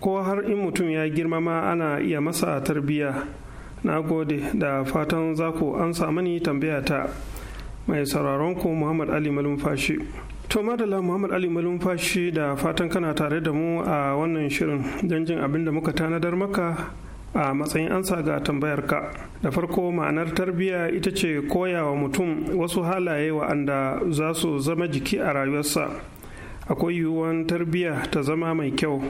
ko har in mutum ya girma ma ana iya masa tarbiyya na gode da fatan za ku amsa mani tambaya ta mai sauraron ku muhammad ali malumfashi to madala muhammad ali malumfashi da fatan kana tare da mu a wannan shirin don jin abin da muka tanadar maka a matsayin ansa ga tambayarka da farko ma'anar tarbiyya ita ce koyawa mutum wasu halaye wa'anda za su zama jiki a rayuwarsa akwai yiwuwan tarbiyya ta zama mai kyau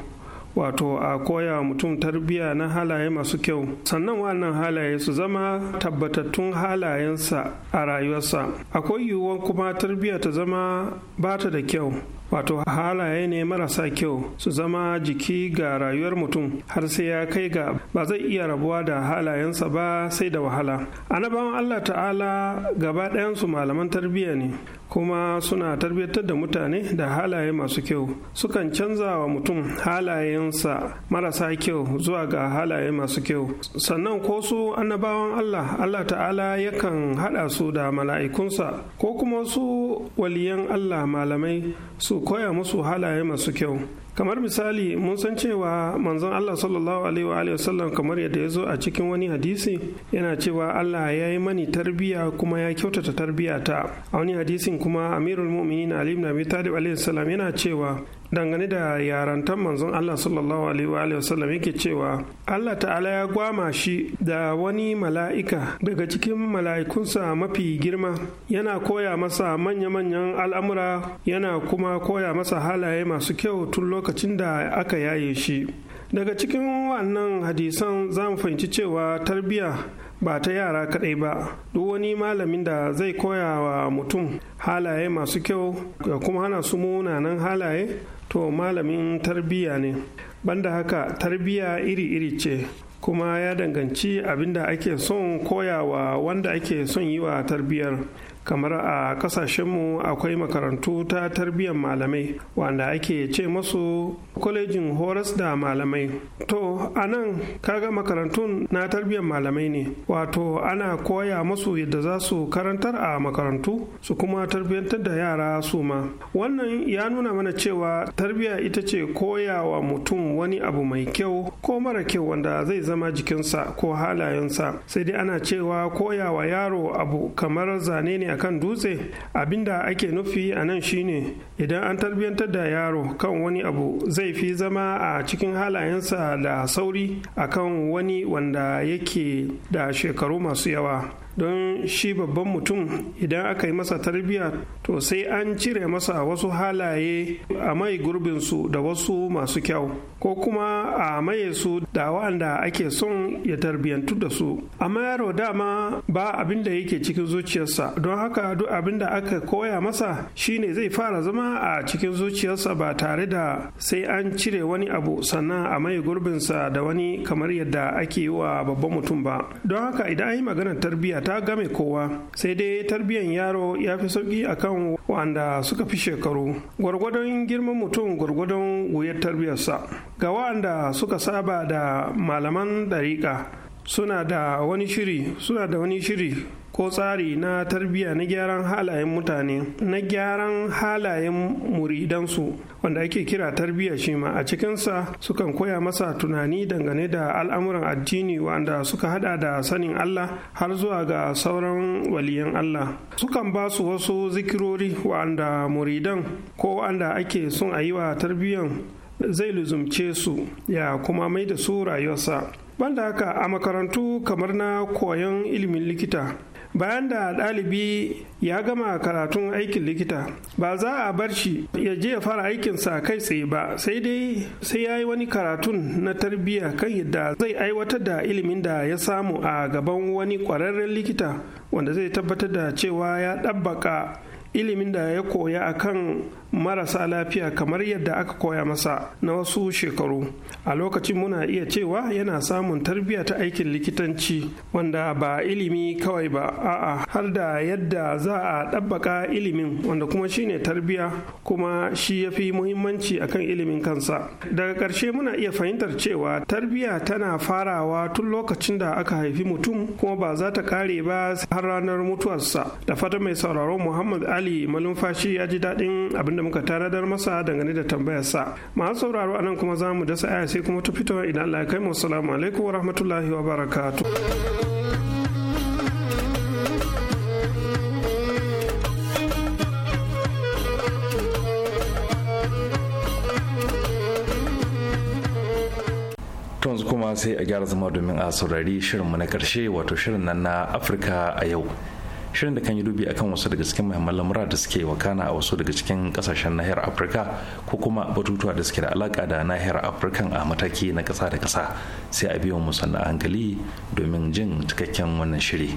wato a koya mutum tarbiyya na halaye masu kyau sannan wannan halaye su zama tabbatattun halayensa a rayuwarsa akwai yiwuwan kuma tarbiyya ta zama bata da kyau wato halaye ne marasa kyau su zama jiki ga rayuwar mutum har sai ya kai ga ba zai iya rabuwa da halayensa ba sai da wahala annabawan allah ta'ala gaba ɗayansu malaman tarbiyya ne kuma suna tarbiyyatar da mutane da halaye masu kyau sukan canza wa mutum halayensa marasa kyau zuwa ga halaye masu kyau sannan ko su annabawan allah allah ta'ala yakan haɗa su da mala'ikunsa ko kuma su waliyan allah malamai su koya musu halaye masu kyau kamar misali mun san cewa manzon Allah sallallahu alaihi wa sallam kamar yadda ya zo a cikin wani hadisi yana cewa Allah ya yi mani tarbiya kuma ya kyautata tarbiya ta a wani hadisin kuma Amirul Mu'minin Ali ibn Abi Talib alaihi salam yana cewa dangane da yarantar manzon Allah sallallahu alaihi wa sallam yake cewa Allah ta'ala ya gwama shi da wani mala'ika daga cikin mala'ikunsa mafi girma yana koya masa manya-manyan al'amura yana kuma koya masa halaye masu kyau tun lokacin lokacin da aka yaye shi daga cikin wannan hadisan za mu fahimci cewa tarbiyya ba ta yara kaɗai ba duk wani malamin da zai koya wa mutum halaye masu kyau da kuma hana su munanan halaye to malamin tarbiyya ne banda haka tarbiya iri-iri ce kuma ya danganci abin da ake son koya wa wanda ake son yi wa tarbiyyar kamar a kasashenmu akwai makarantu ta tarbiyyar malamai wanda ake ce masu kwalejin horas da malamai to a nan kaga makarantun na tarbiyyar malamai ne wato ana koya masu yadda za su karantar a makarantu su kuma tarbiyyantar da yara su ma wannan ya nuna mana cewa tarbiyya ita ce koyawa mutum wani abu mai kyau ko mara kyau wanda zai zama jikinsa ko halayensa sai dai ana cewa koya wa yaro abu kamar zane ne a kan dutse abinda ake nufi a nan shine idan an tarbiyantar da yaro kan wani abu zai fi zama a cikin halayensa da sauri akan wani wanda yake da shekaru masu yawa don shi babban mutum idan aka yi masa tarbiyya to sai an cire masa wasu halaye a mai gurbinsu da wasu masu kyau ko kuma a maye su da waɗanda ake son ya tarbiyyantu da su amma yaro dama ba abin da yake cikin zuciyarsa don haka duk abin da aka koya masa shine zai fara zama a cikin zuciyarsa ba tare da sai an cire wani abu sannan a mai gurbinsa da wani kamar yadda ake yi wa babban mutum ba don haka idan an yi maganar tarbiyya ta game kowa sai dai tarbiyan yaro ya fi sauki akan wanda suka fi shekaru gwargwadon girman mutum gwargwadon wuyar tarbiyarsa ga wanda suka saba da malaman dariƙa suna da wani shiri suna da wani shiri ko tsari na tarbiyya na gyaran halayen mutane na gyaran halayen muridansu wanda ake kira tarbiyya shi ma a cikinsa sukan koya masa tunani dangane da al'amuran addini wanda suka hada da sanin Allah har zuwa ga sauran waliyan Allah sukan ba su wasu zikirori wa'anda muridan ko wa'anda ake son a yi wa tarbiyyan zai luzumce su ya kuma mai da su rayuwarsa banda haka a makarantu kamar na koyon ilimin likita bayan da ɗalibi ya gama karatun aikin likita ba za a bar shi ya je ya fara aikinsa kai tsaye ba sai dai sai ya yi wani karatun na tarbiyya kan yadda zai aiwatar da ilimin da ya samu a gaban wani ƙwararren likita wanda zai tabbatar da cewa ya ɗabbaka ilimin da ya koya a kan marasa lafiya kamar yadda aka koya masa na wasu shekaru a lokacin muna iya cewa yana samun tarbiyya ta aikin likitanci wanda ba ilimi kawai ba a'a har da yadda za a ɗabbaka ilimin wanda kuma shine tarbiyya kuma shi ya fi muhimmanci akan ilimin kansa daga ƙarshe muna iya fahimtar cewa tarbiyya tana farawa tun lokacin da aka haifi mutum kuma ba za ta kare ba har ranar mutuwarsa da fata mai sauraron muhammad ali malumfashi ya ji daɗin abin da muka tanadar masa dangane da tambayarsa masu sauraro anan kuma za mu dasa aya sai kuma ta fito idan allah ya kai mu assalamu alaikum wa rahmatullahi wa barakatuh yanzu kuma sai a gyara zama domin a saurari shirinmu na karshe wato shirin nan na afirka a yau shirin da kan yi dubi akan wasu daga cikin muhimman lamura da suke wakana a wasu daga cikin kasashen nahiyar afirka ko kuma batutuwa da suke da alaka da nahiyar afirkan a mataki na kasa da kasa sai a biyo musu na hankali domin jin cikakken wannan shiri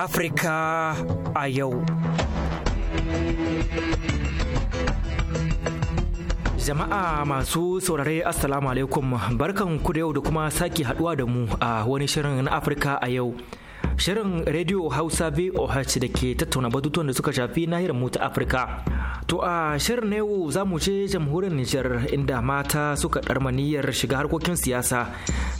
Afirka a yau. Jama'a masu saurare Assalamu alaikum barkan ku da yau da kuma sake haduwa da mu a wani shirin na Afirka a yau. Shirin Radio Hausa VOH da ke tattauna batutuwan da suka shafi nahiyar mu ta Afirka. To a shirin na yau za mu je jamhuriyar Nijar inda mata suka darmaniyar shiga harkokin siyasa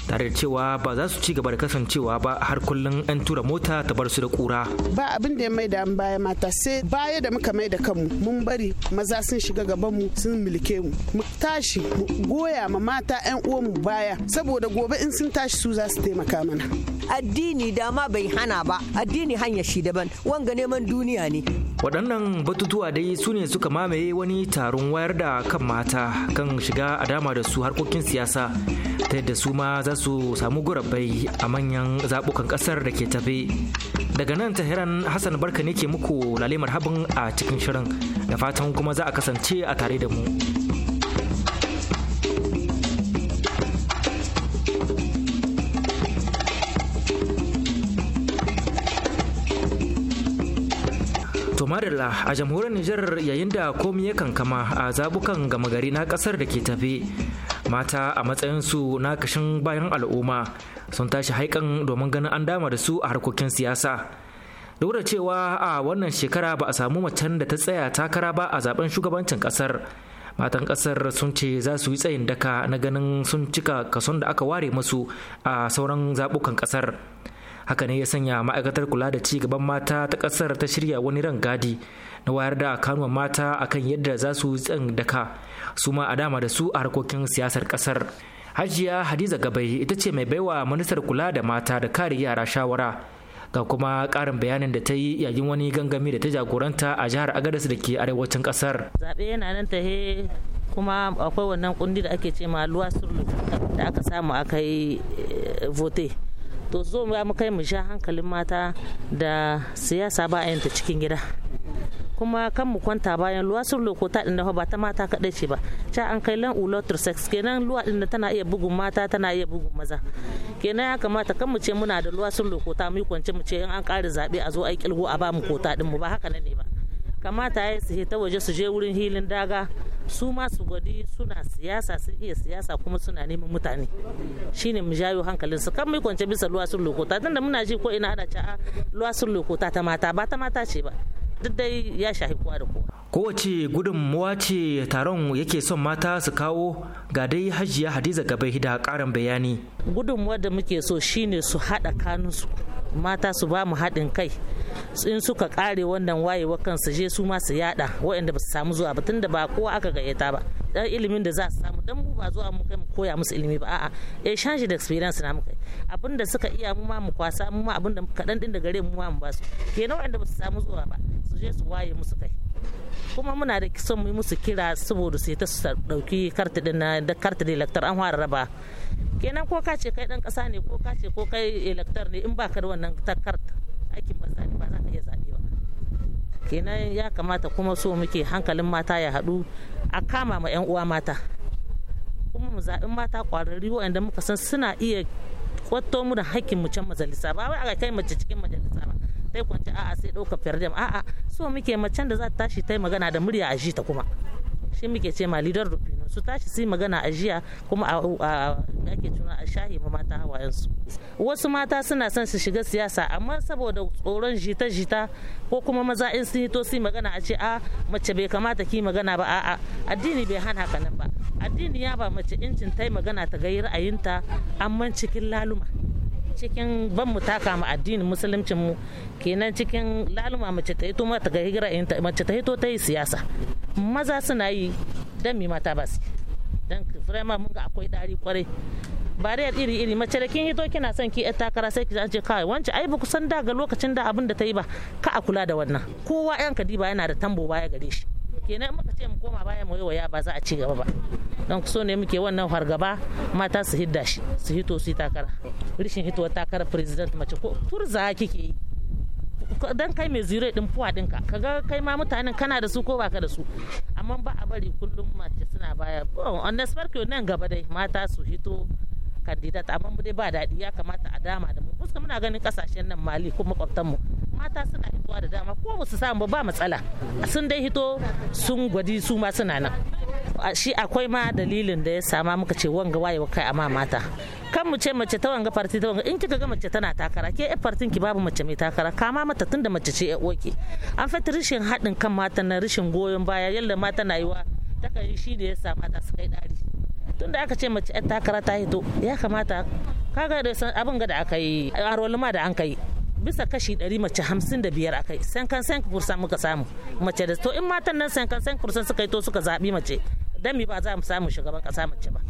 tare da cewa ba za su ci gaba da kasancewa ba har kullum an tura mota ta bar su da kura. Ba abin da ya mai da an baya mata sai baya da muka mai da kanmu mun bari maza sun shiga gaban mu sun mulke mu mu tashi mu goya ma mata 'yan uwanmu baya saboda gobe in sun tashi su za su taimaka mana. Addini dama bai hana ba addini hanyar shi daban wanga neman duniya ne waɗannan batutuwa dai su ne suka mamaye wani taron wayar da kan mata kan shiga a dama da su harkokin siyasa ta yadda su ma za su samu gurabai a manyan zaɓukan ƙasar da ke tafe daga nan tahiran hassan barka ne ke muku lalemar habin a cikin shirin da fatan kuma za a kasance a tare da mu. Madalla a jamhuriyar Nijar yayin da komai ya kankama a zabukan gama gari na kasar da ke tafe. Mata a matsayinsu na kashin bayan al'umma sun tashi haikan domin ganin an dama da su a harkokin siyasa. Duk da cewa a wannan shekara ba a samu macen da ta tsaya takara ba a zaben shugabancin kasar. Matan kasar sun ce za su yi tsayin daka na ganin sun cika kason da aka ware musu a sauran zabukan kasar. haka ne ya sanya ma'aikatar kula da ci gaban mata ta kasar ta shirya wani ran gadi na wayar da kanuwa mata akan yadda za su tsan daka su ma a dama da su a harkokin siyasar kasar hajiya hadiza gabai ita ce mai baiwa ministar kula da mata da kare yara shawara ga kuma karin bayanin da ta yi yayin wani gangami da ta jagoranta a jihar agadas da ke arewacin kasar zaɓe yana nan ta he kuma akwai wannan kundi da ake ce ma luwa da aka samu aka yi eh, vote to zo ya mu kai mu sha hankalin mata da siyasa ba a yanta cikin gida kuma kan mu kwanta bayan luwa sun lokota din ba ta mata kadai ce ba ta an kai lan ulotur sex kenan luwa din tana iya bugun mata tana iya bugun maza kenan ya kamata kan mu ce muna da luwa sun lokota mu kwance mu ce in an kare zabe a zo ai kilgo a ba mu kota din mu ba haka ne ba kamata ya su ta waje su je wurin hilin daga su ma su gwadi suna siyasa sun iya siyasa kuma suna neman mutane shine mu jayo hankalin su kan mai kwance bisa luwasun lokota tunda muna ji ko ina ana luwa luwasun lokota ta mata ba ta mata ce ba duk dai ya shahi kowa da kowa kowace gudunmuwa ce taron yake son mata su kawo ga dai hajiya hadiza gabai da karin bayani gudunmuwa da muke so shine su haɗa kanunsu mata su ba mu haɗin kai in suka kare wannan wayewa kansu je su masu yada waɗanda ba su samu zuwa ba tunda ba kowa aka gayyata ba dan ilimin da za su samu dan mu ba zuwa mu kai mu koya musu ilimi ba a'a eh change da experience na mu kai abinda suka iya mu ma mu kwasa mu ma abinda kadan din da gare mu ma mu ba su kenan waɗanda ba su samu zuwa ba su je su waye musu kai kuma muna da son mu musu kira saboda sai ta dauki karta din da karta da elector an fara raba kenan ko ka ce kai dan kasa ne ko ka ce ko kai elector ne in baka da wannan ta karta aikin ba za ba za ka iya zabe ba kenan ya kamata kuma so muke hankalin mata ya haɗu a kama ma yan uwa mata kuma mu zaɓi mata ƙwararri wayanda muka san suna iya kwato mu da hakkin mu can majalisa ba wai aka kai mace cikin majalisa ba tai kwanci a'a sai dauka ferdem a'a so muke macen da za ta tashi ta magana da murya a ta kuma shi muke ce ma lidar rufino su tashi su magana a jiya kuma a ake tuna a shahi ma mata hawayensu wasu mata suna son su shiga siyasa amma saboda tsoron jita-jita ko kuma maza in sun hito su magana a ce a mace bai kamata ki magana ba a'a addini bai hana haka nan ba addini ya ba mace incin ta magana ta ga ra'ayinta amma cikin laluma cikin ban mu taka ma addinin musuluncin mu kenan cikin laluma mace ta hito mata ga hijira mace ta hito ta yi siyasa maza suna yi dan mi mata ba su dan firama mun ga akwai dari kwarai bariyar iri iri mace da kin hito kina son ki yar takara sai ki ce kai wance ai ku san ga lokacin da abin da ta yi ba ka a kula da wannan kowa yan kadiba yana da tambo baya gare shi kenan muka ce mu koma baya mu waya ba za a ci gaba ba don so ne muke wannan fargaba mata su hidda shi su hito su takara rishin hito takara president mace ko turza kike yi dan kai mai zure din fuwa dinka kaga kai ma mutanen kana da su ko baka da su amma ba a bari kullum mace suna baya on the spark nan gaba dai mata su hito kandidat amma dai ba daɗi ya kamata a dama da mu fuska muna ganin kasashen nan mali ko makwabtan mu mata suna hitowa da dama ko mu su samu ba matsala sun dai hito sun gwadi su ma suna nan shi akwai ma dalilin da ya sama muka ce wanga wa kai amma mata kan mu ce mace ta wanga farti ta wanga in kika ga mace tana takara ke fartin ki babu mace mai takara kama mata tunda mace ce oke an fata rashin haɗin kan mata na rashin goyon baya yalla mata na yiwa kai shi da ya sa mata su kai dari tunda aka ce mace takara ta hito ya kamata kaga da abin ga da aka yi a da an kai bisa kashi ɗari mace hamsin da biyar akai kan sankan kursan muka samu mace da to in matan nan kan sankan kursan suka yi to suka zaɓi mace dan mi ba za mu samu shugaban ƙasa mace ba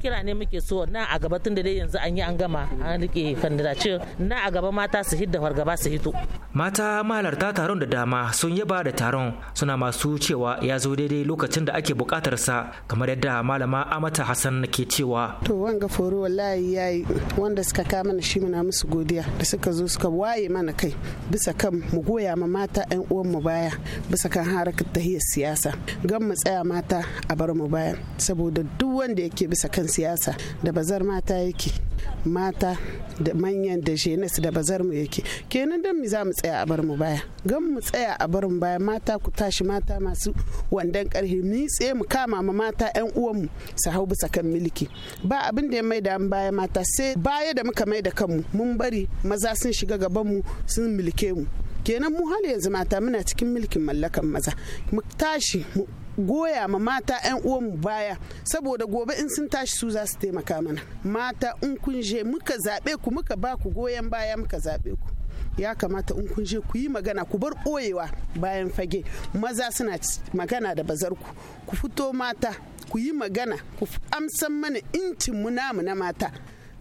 kira ne muke so na a gaba tun da dai yanzu an yi an gama an rike kandidacin na a gaba mata su hidda fargaba su hito mata mahalarta taron da dama sun yaba da taron suna masu cewa ya zo daidai lokacin da ake bukatar sa kamar yadda malama amata hassan ke cewa to wanga foro wallahi yayi wanda suka ka mana shi muna musu godiya da suka zo suka waye mana kai bisa kan mu goya ma mata yan uwan mu baya bisa kan harakar tahiyar siyasa gan mu tsaya mata a bar mu baya saboda duk wanda yake bisa kan siyasa da bazar mata yake mata da manyan da jenis da bazar mu yake kenan dan mu za mu tsaya a bar mu baya gan mu tsaya a bar mu baya mata ku tashi mata masu wandan karhi ni tsaye mu kama ma mata yan mu su hau bisa kan miliki ba abin da ya mai da baya mata sai baya da muka mai da kanmu mun bari maza sun shiga gaban mu sun milike mu kenan mu hali yanzu mata muna cikin milkin mallakan maza mu tashi mu. goya ma mata 'yan uwanmu baya saboda gobe in sun tashi su za su taimaka mana mata in kun je muka zaɓe ku muka ba ku goyon baya muka zaɓe ku ya kamata in kun je ku yi magana ku bar ɓoyewa bayan fage maza suna magana da bazar ku ku fito mata ku yi magana ku amsan mana incin mu namu na mata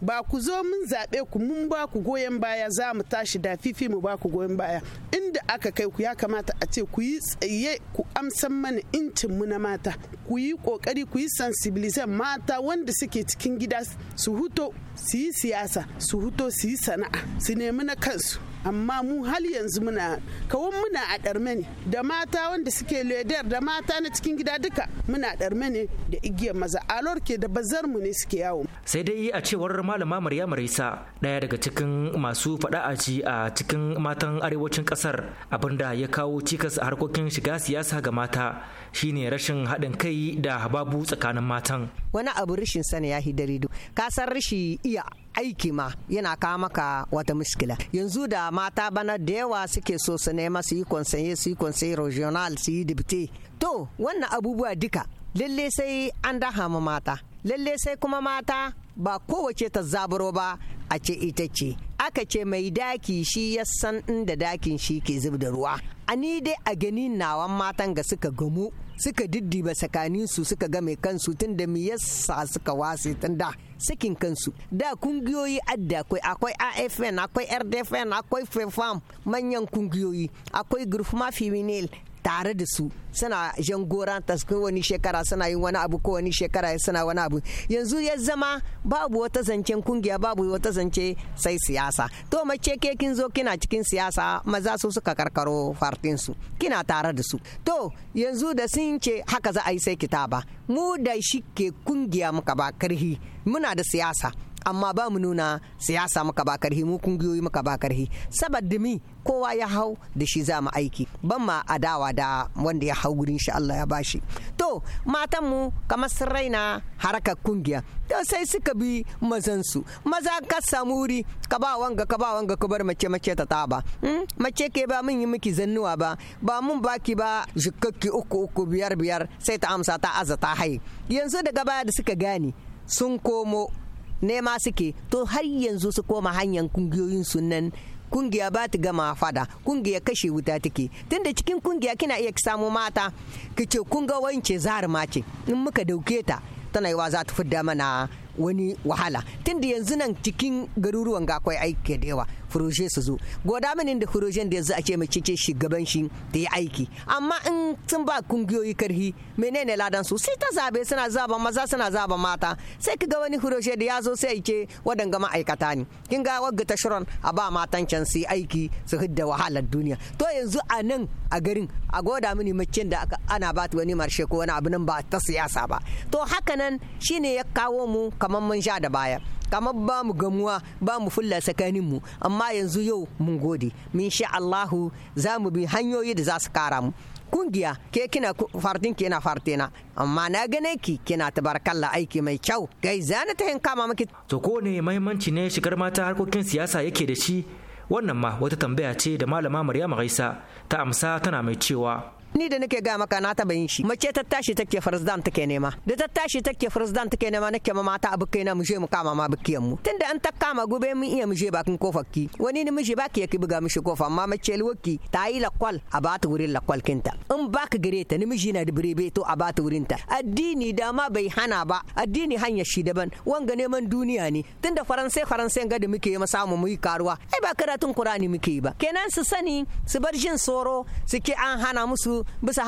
ba ku zo mun zaɓe ku mun ba ku goyon baya za mu tashi da fifi mu ba ku goyon baya inda aka kai ku ya kamata a ce ku yi tsaye ku amsan mana incin mu na mata ku yi kokari ku yi sensibilizan mata wanda suke cikin gida su huto su yi siyasa su huto su yi sana'a su nemi na kansu amma mu hal yanzu muna kawon muna a ɗarme ne da mata wanda suke ledar da mata na cikin gida duka muna ɗarme ne da igiyar maza alor ke da bazar mu ne suke yawo. sai dai a cewar malama marya marisa ɗaya daga cikin masu faɗa a ji a cikin matan arewacin ƙasar abinda ya kawo cikas a harkokin shiga siyasa ga mata shine rashin haɗin kai da babu tsakanin matan wani abu rashin sani ya hidari ka san rashi iya aiki ma yana kawo maka wata muskila yanzu da mata bana da yawa suke so su nema su yi konseye su yi konseye regional su yi dibite. to wannan abubuwa duka lalle sai an daha ma mata lalle sai kuma mata ba kowace ta zaburo ba a ce ita ce aka ce mai daki shi ya san inda dakin shi ke zub da ruwa ani dai a ganin nawan matan ga suka gamu suka diddiba tsakaninsu suka game kansu tun da me yasa suka wase tun da sakin kansu da kungiyoyi adda akwai akwai afn akwai rdfn akwai fefam manyan kungiyoyi akwai group feminil tare da su suna jan goran ta wani shekara suna yin wani abu ko wani shekara suna wani abu yanzu ya zama babu wata zancen kungiya babu wata zance sai siyasa to mace ke kin zo kina cikin siyasa maza su suka karkaro fartin su kina tare da su to yanzu da sun ce haka za a yi sai kitaba mu da shi ke kungiya muka ba karhi muna da siyasa amma ba mu nuna siyasa muka ba karhi mu kungiyoyi muka ba karhi saboda mi kowa ya hau da shi za mu aiki ban ma adawa da wanda ya hau gurin shi Allah ya bashi to matan mu kamar sun raina harakar kungiya to sai suka bi mazan su maza ka samu wuri ka ba wanga ka ba wanga ka bar mace mace ta ta ba hmm? mace ke ba mun yi miki zannuwa ba ba mun baki ba jikakki uku uku biyar biyar sai ta amsa ta aza ta hai yanzu daga baya da suka gane sun komo nema suke to har yanzu su koma hanyar kungiyoyin sunan kungiya ba ta gama fada kungiya kashe wuta take tunda cikin kungiya kina iya samu mata kace ce kun ga wance zaruma ce in muka dauke ta tana yiwa za ta fidda mana wani wahala tunda yanzu nan cikin garuruwan ga akwai aiki da yawa furoje su zo goda mini da furoje da yanzu ce mai cike shugaban shi da ya aiki amma in sun ba kungiyoyi karhi menene ladan su sai ta zabe suna zaba maza suna zaba mata sai ka ga wani furoje da ya zo sai ke wadanga ma'aikata ne kin ga wagga ta shirin a ba matan can su aiki su hidda wahalar duniya to yanzu a nan a garin a goda mini macen da ana ba wani marshe ko wani abu nan ba ta siyasa ba to haka nan shine ya kawo mu kamar mun sha da baya kamar ba mu gamuwa ba mu fulla tsakanin mu amma yanzu yau mun gode min sha Allahu za mu bi hanyoyi da za su kara mu kungiya ke kina fardin ke na fartina amma na gane ki kina tabarkalla aiki mai kyau gai zana ta hin kama miki to ko ne muhimmanci ne shigar mata harkokin siyasa yake da shi wannan ma wata tambaya ce da malama Maryam Gaisa ta amsa tana mai cewa ni da nake ga maka na taba yin shi mace ta tashi take farzdan take nema da ta tashi take farzdan take nema nake ma mata abu kaina mu je mu kama ma bukiyan mu tunda an ta kama gobe mun iya mu je bakin kofar ki wani ni miji baki yake buga mishi kofa amma mace lwaki ta yi lakwal a ba ta wurin lakwal kinta in baka gare ta ni miji na da birebe to a ba ta wurin ta addini da ma bai hana ba addini hanya shi daban wanga neman duniya ne tunda faransai faransai ga da muke yi samu mu yi karuwa ai ba karatun qur'ani muke yi ba kenan su sani su bar jin soro suke an hana musu bisa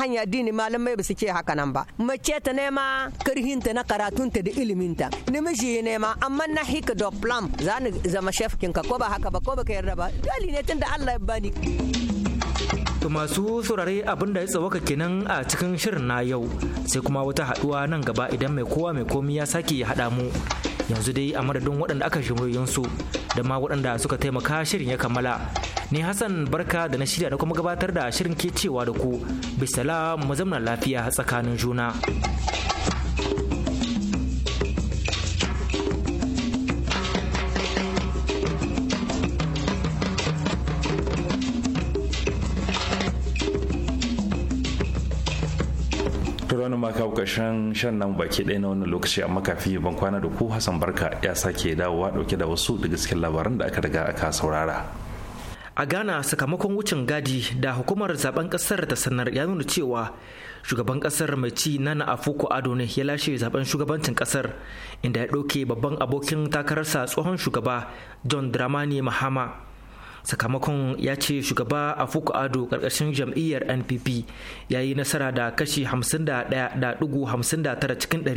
hanya dini malamai ba su ce haka nan ba mace ta nema karhinta na karatunta da iliminta namiji nema amma na hika da plan zama ni zama ka ko ba haka ba ko ba ka yarda ba dali ne tunda Allah ya bani To masu saurare abin da ya tsawaka kenan a cikin shirin na yau sai kuma wata haduwa nan gaba idan mai kowa mai komi ya sake ya haɗa mu yanzu dai a madadin waɗanda aka su da ma waɗanda suka taimaka shirin ya kammala ni hassan barka da na shirya da kuma gabatar da shirin ke cewa da ku bisala mu zamna lafiya tsakanin juna. wani maka shan nan baki ɗaya na wani lokaci amma kafi ban kwana da ku hassan barka ya sake dawowa ɗauke da wasu daga cikin labaran da aka riga aka saurara a ghana sakamakon wucin gadi da hukumar zaben kasar ta sanar ya nuna cewa shugaban kasar mai ci nana afuku ado ne ya lashe zaben shugabancin kasar inda ya ɗauke babban abokin takararsa tsohon shugaba john dramani mahama sakamakon ya ce shugaba a ado karkashin jam'iyyar npp ya yi nasara da kashi 51.59 cikin a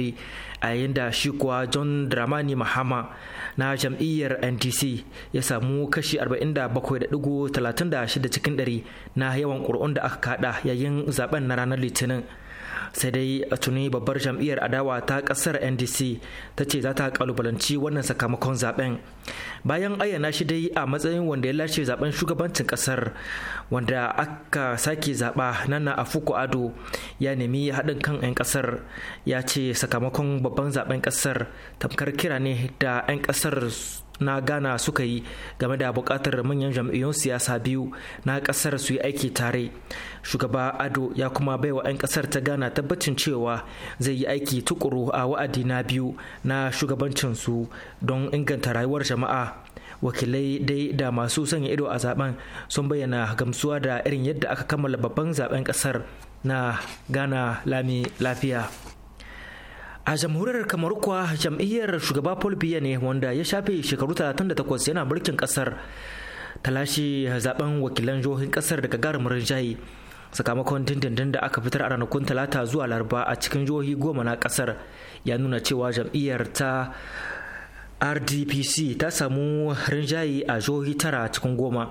yayin da shi kuwa john dramani mahama na jam'iyyar ndc ya samu kashi 47.36 cikin na yawan ƙuri'un da aka kada yayin zaben na ranar litinin sai dai a tuni babbar jam'iyyar adawa ta kasar ndc ta ce za ta kalubalanci wannan sakamakon zaben bayan ayyana shi dai a matsayin wanda ya lashe zaben shugabancin kasar wanda aka sake zaba nana a fuku ado ya nemi haɗin kan 'yan kasar ya ce sakamakon babban zaben kasar tamkar kira ne da 'yan kasar na ghana suka yi game da bukatar manyan jam'iyyun siyasa biyu na kasar su yi aiki tare shugaba ado ya kuma baiwa 'yan kasar ta ghana tabbacin cewa zai yi aiki tukuru a wa'adi na biyu na shugabancinsu don inganta rayuwar jama'a wakilai dai da masu sanya ido a zaben sun bayyana gamsuwa da irin yadda aka kammala babban zaben kasar na ghana lami lafiya a jamhuriyar kamar kuwa jam'iyyar shugaba paul biya ne wanda ya shafe shekaru 38 yana mulkin kasar talashi zaben wakilan jihohin kasar daga gagarumin jayi sakamakon dindindin da aka fitar a ranakun talata zuwa laraba a cikin jihohi goma na kasar ya nuna cewa jam'iyyar ta rdpc ta samu rinjaye a jihohi tara cikin goma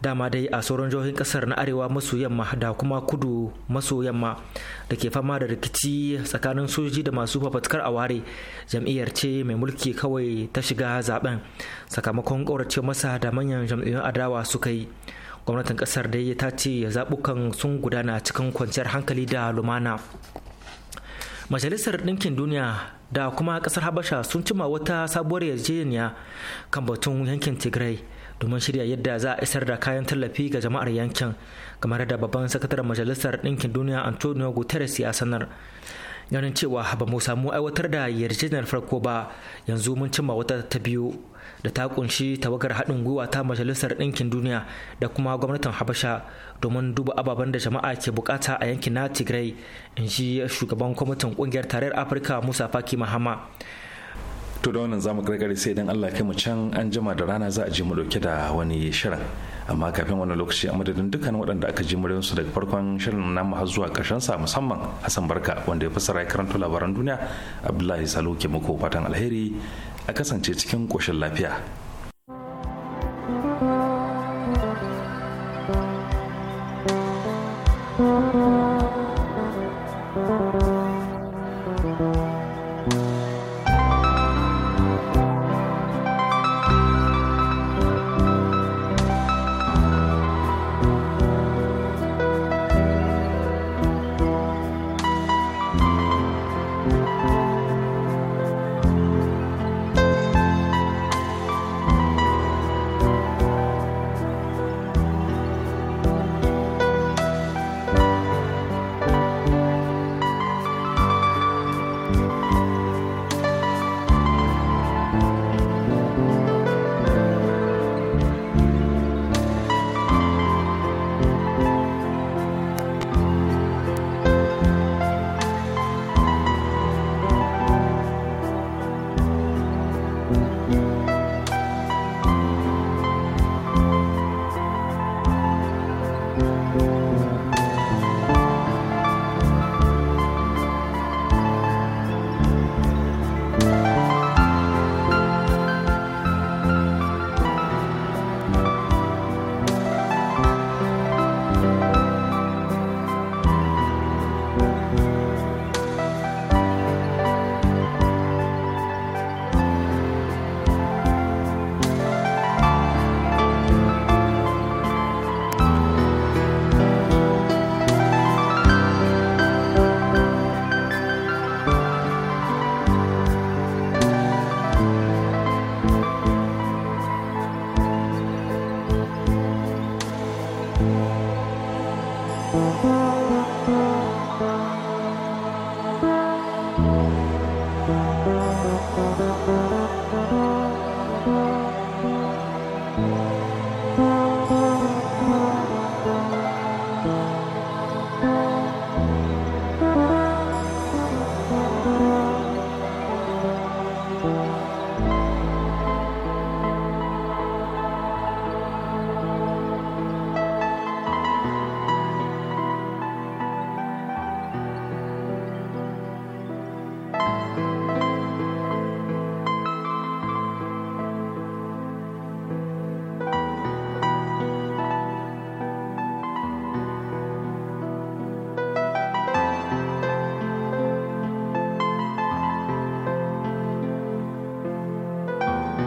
dama dai a sauran jihohin kasar na arewa maso yamma da kuma kudu maso yamma da ke fama da rikici tsakanin sojoji da masu fafatkar a ware jam'iyyar ce mai mulki kawai ta shiga zaben sakamakon ƙaurace masa da manyan jam'iyyun adawa suka yi gwamnatin kasar dai ta ce zaɓukan sun gudana cikin kwanciyar hankali da lumana majalisar ɗinkin duniya da kuma ƙasar habasha sun cima wata sabuwar yarjejeniya kan batun yankin tigray domin shirya yadda za a isar da kayan tallafi ga jama'ar yankin kamar da babban sakataren majalisar ɗinkin duniya antonio guterres ya sanar ganin cewa ba mu samu aiwatar da yarjejeniyar farko ba yanzu mun cimma wata ta biyu da ta kunshi tawagar haɗin gwiwa ta majalisar ɗinkin duniya da kuma gwamnatin habasha domin duba ababen da jama'a ke bukata a yankin na tigray in shi shugaban kwamitin ƙungiyar tarayyar afirka musa faki mahama to da wannan zamu karkare sai dan Allah kai mu can an jima da rana za a je mu dauke da wani shirin amma kafin wani lokaci a madadin dukkan waɗanda aka ji su daga farkon shirin namu har zuwa ƙarshen sa musamman Hassan Barka wanda ya fassara karanto labaran duniya Abdullahi Salo ke muku fatan alheri a kasance cikin koshin lafiya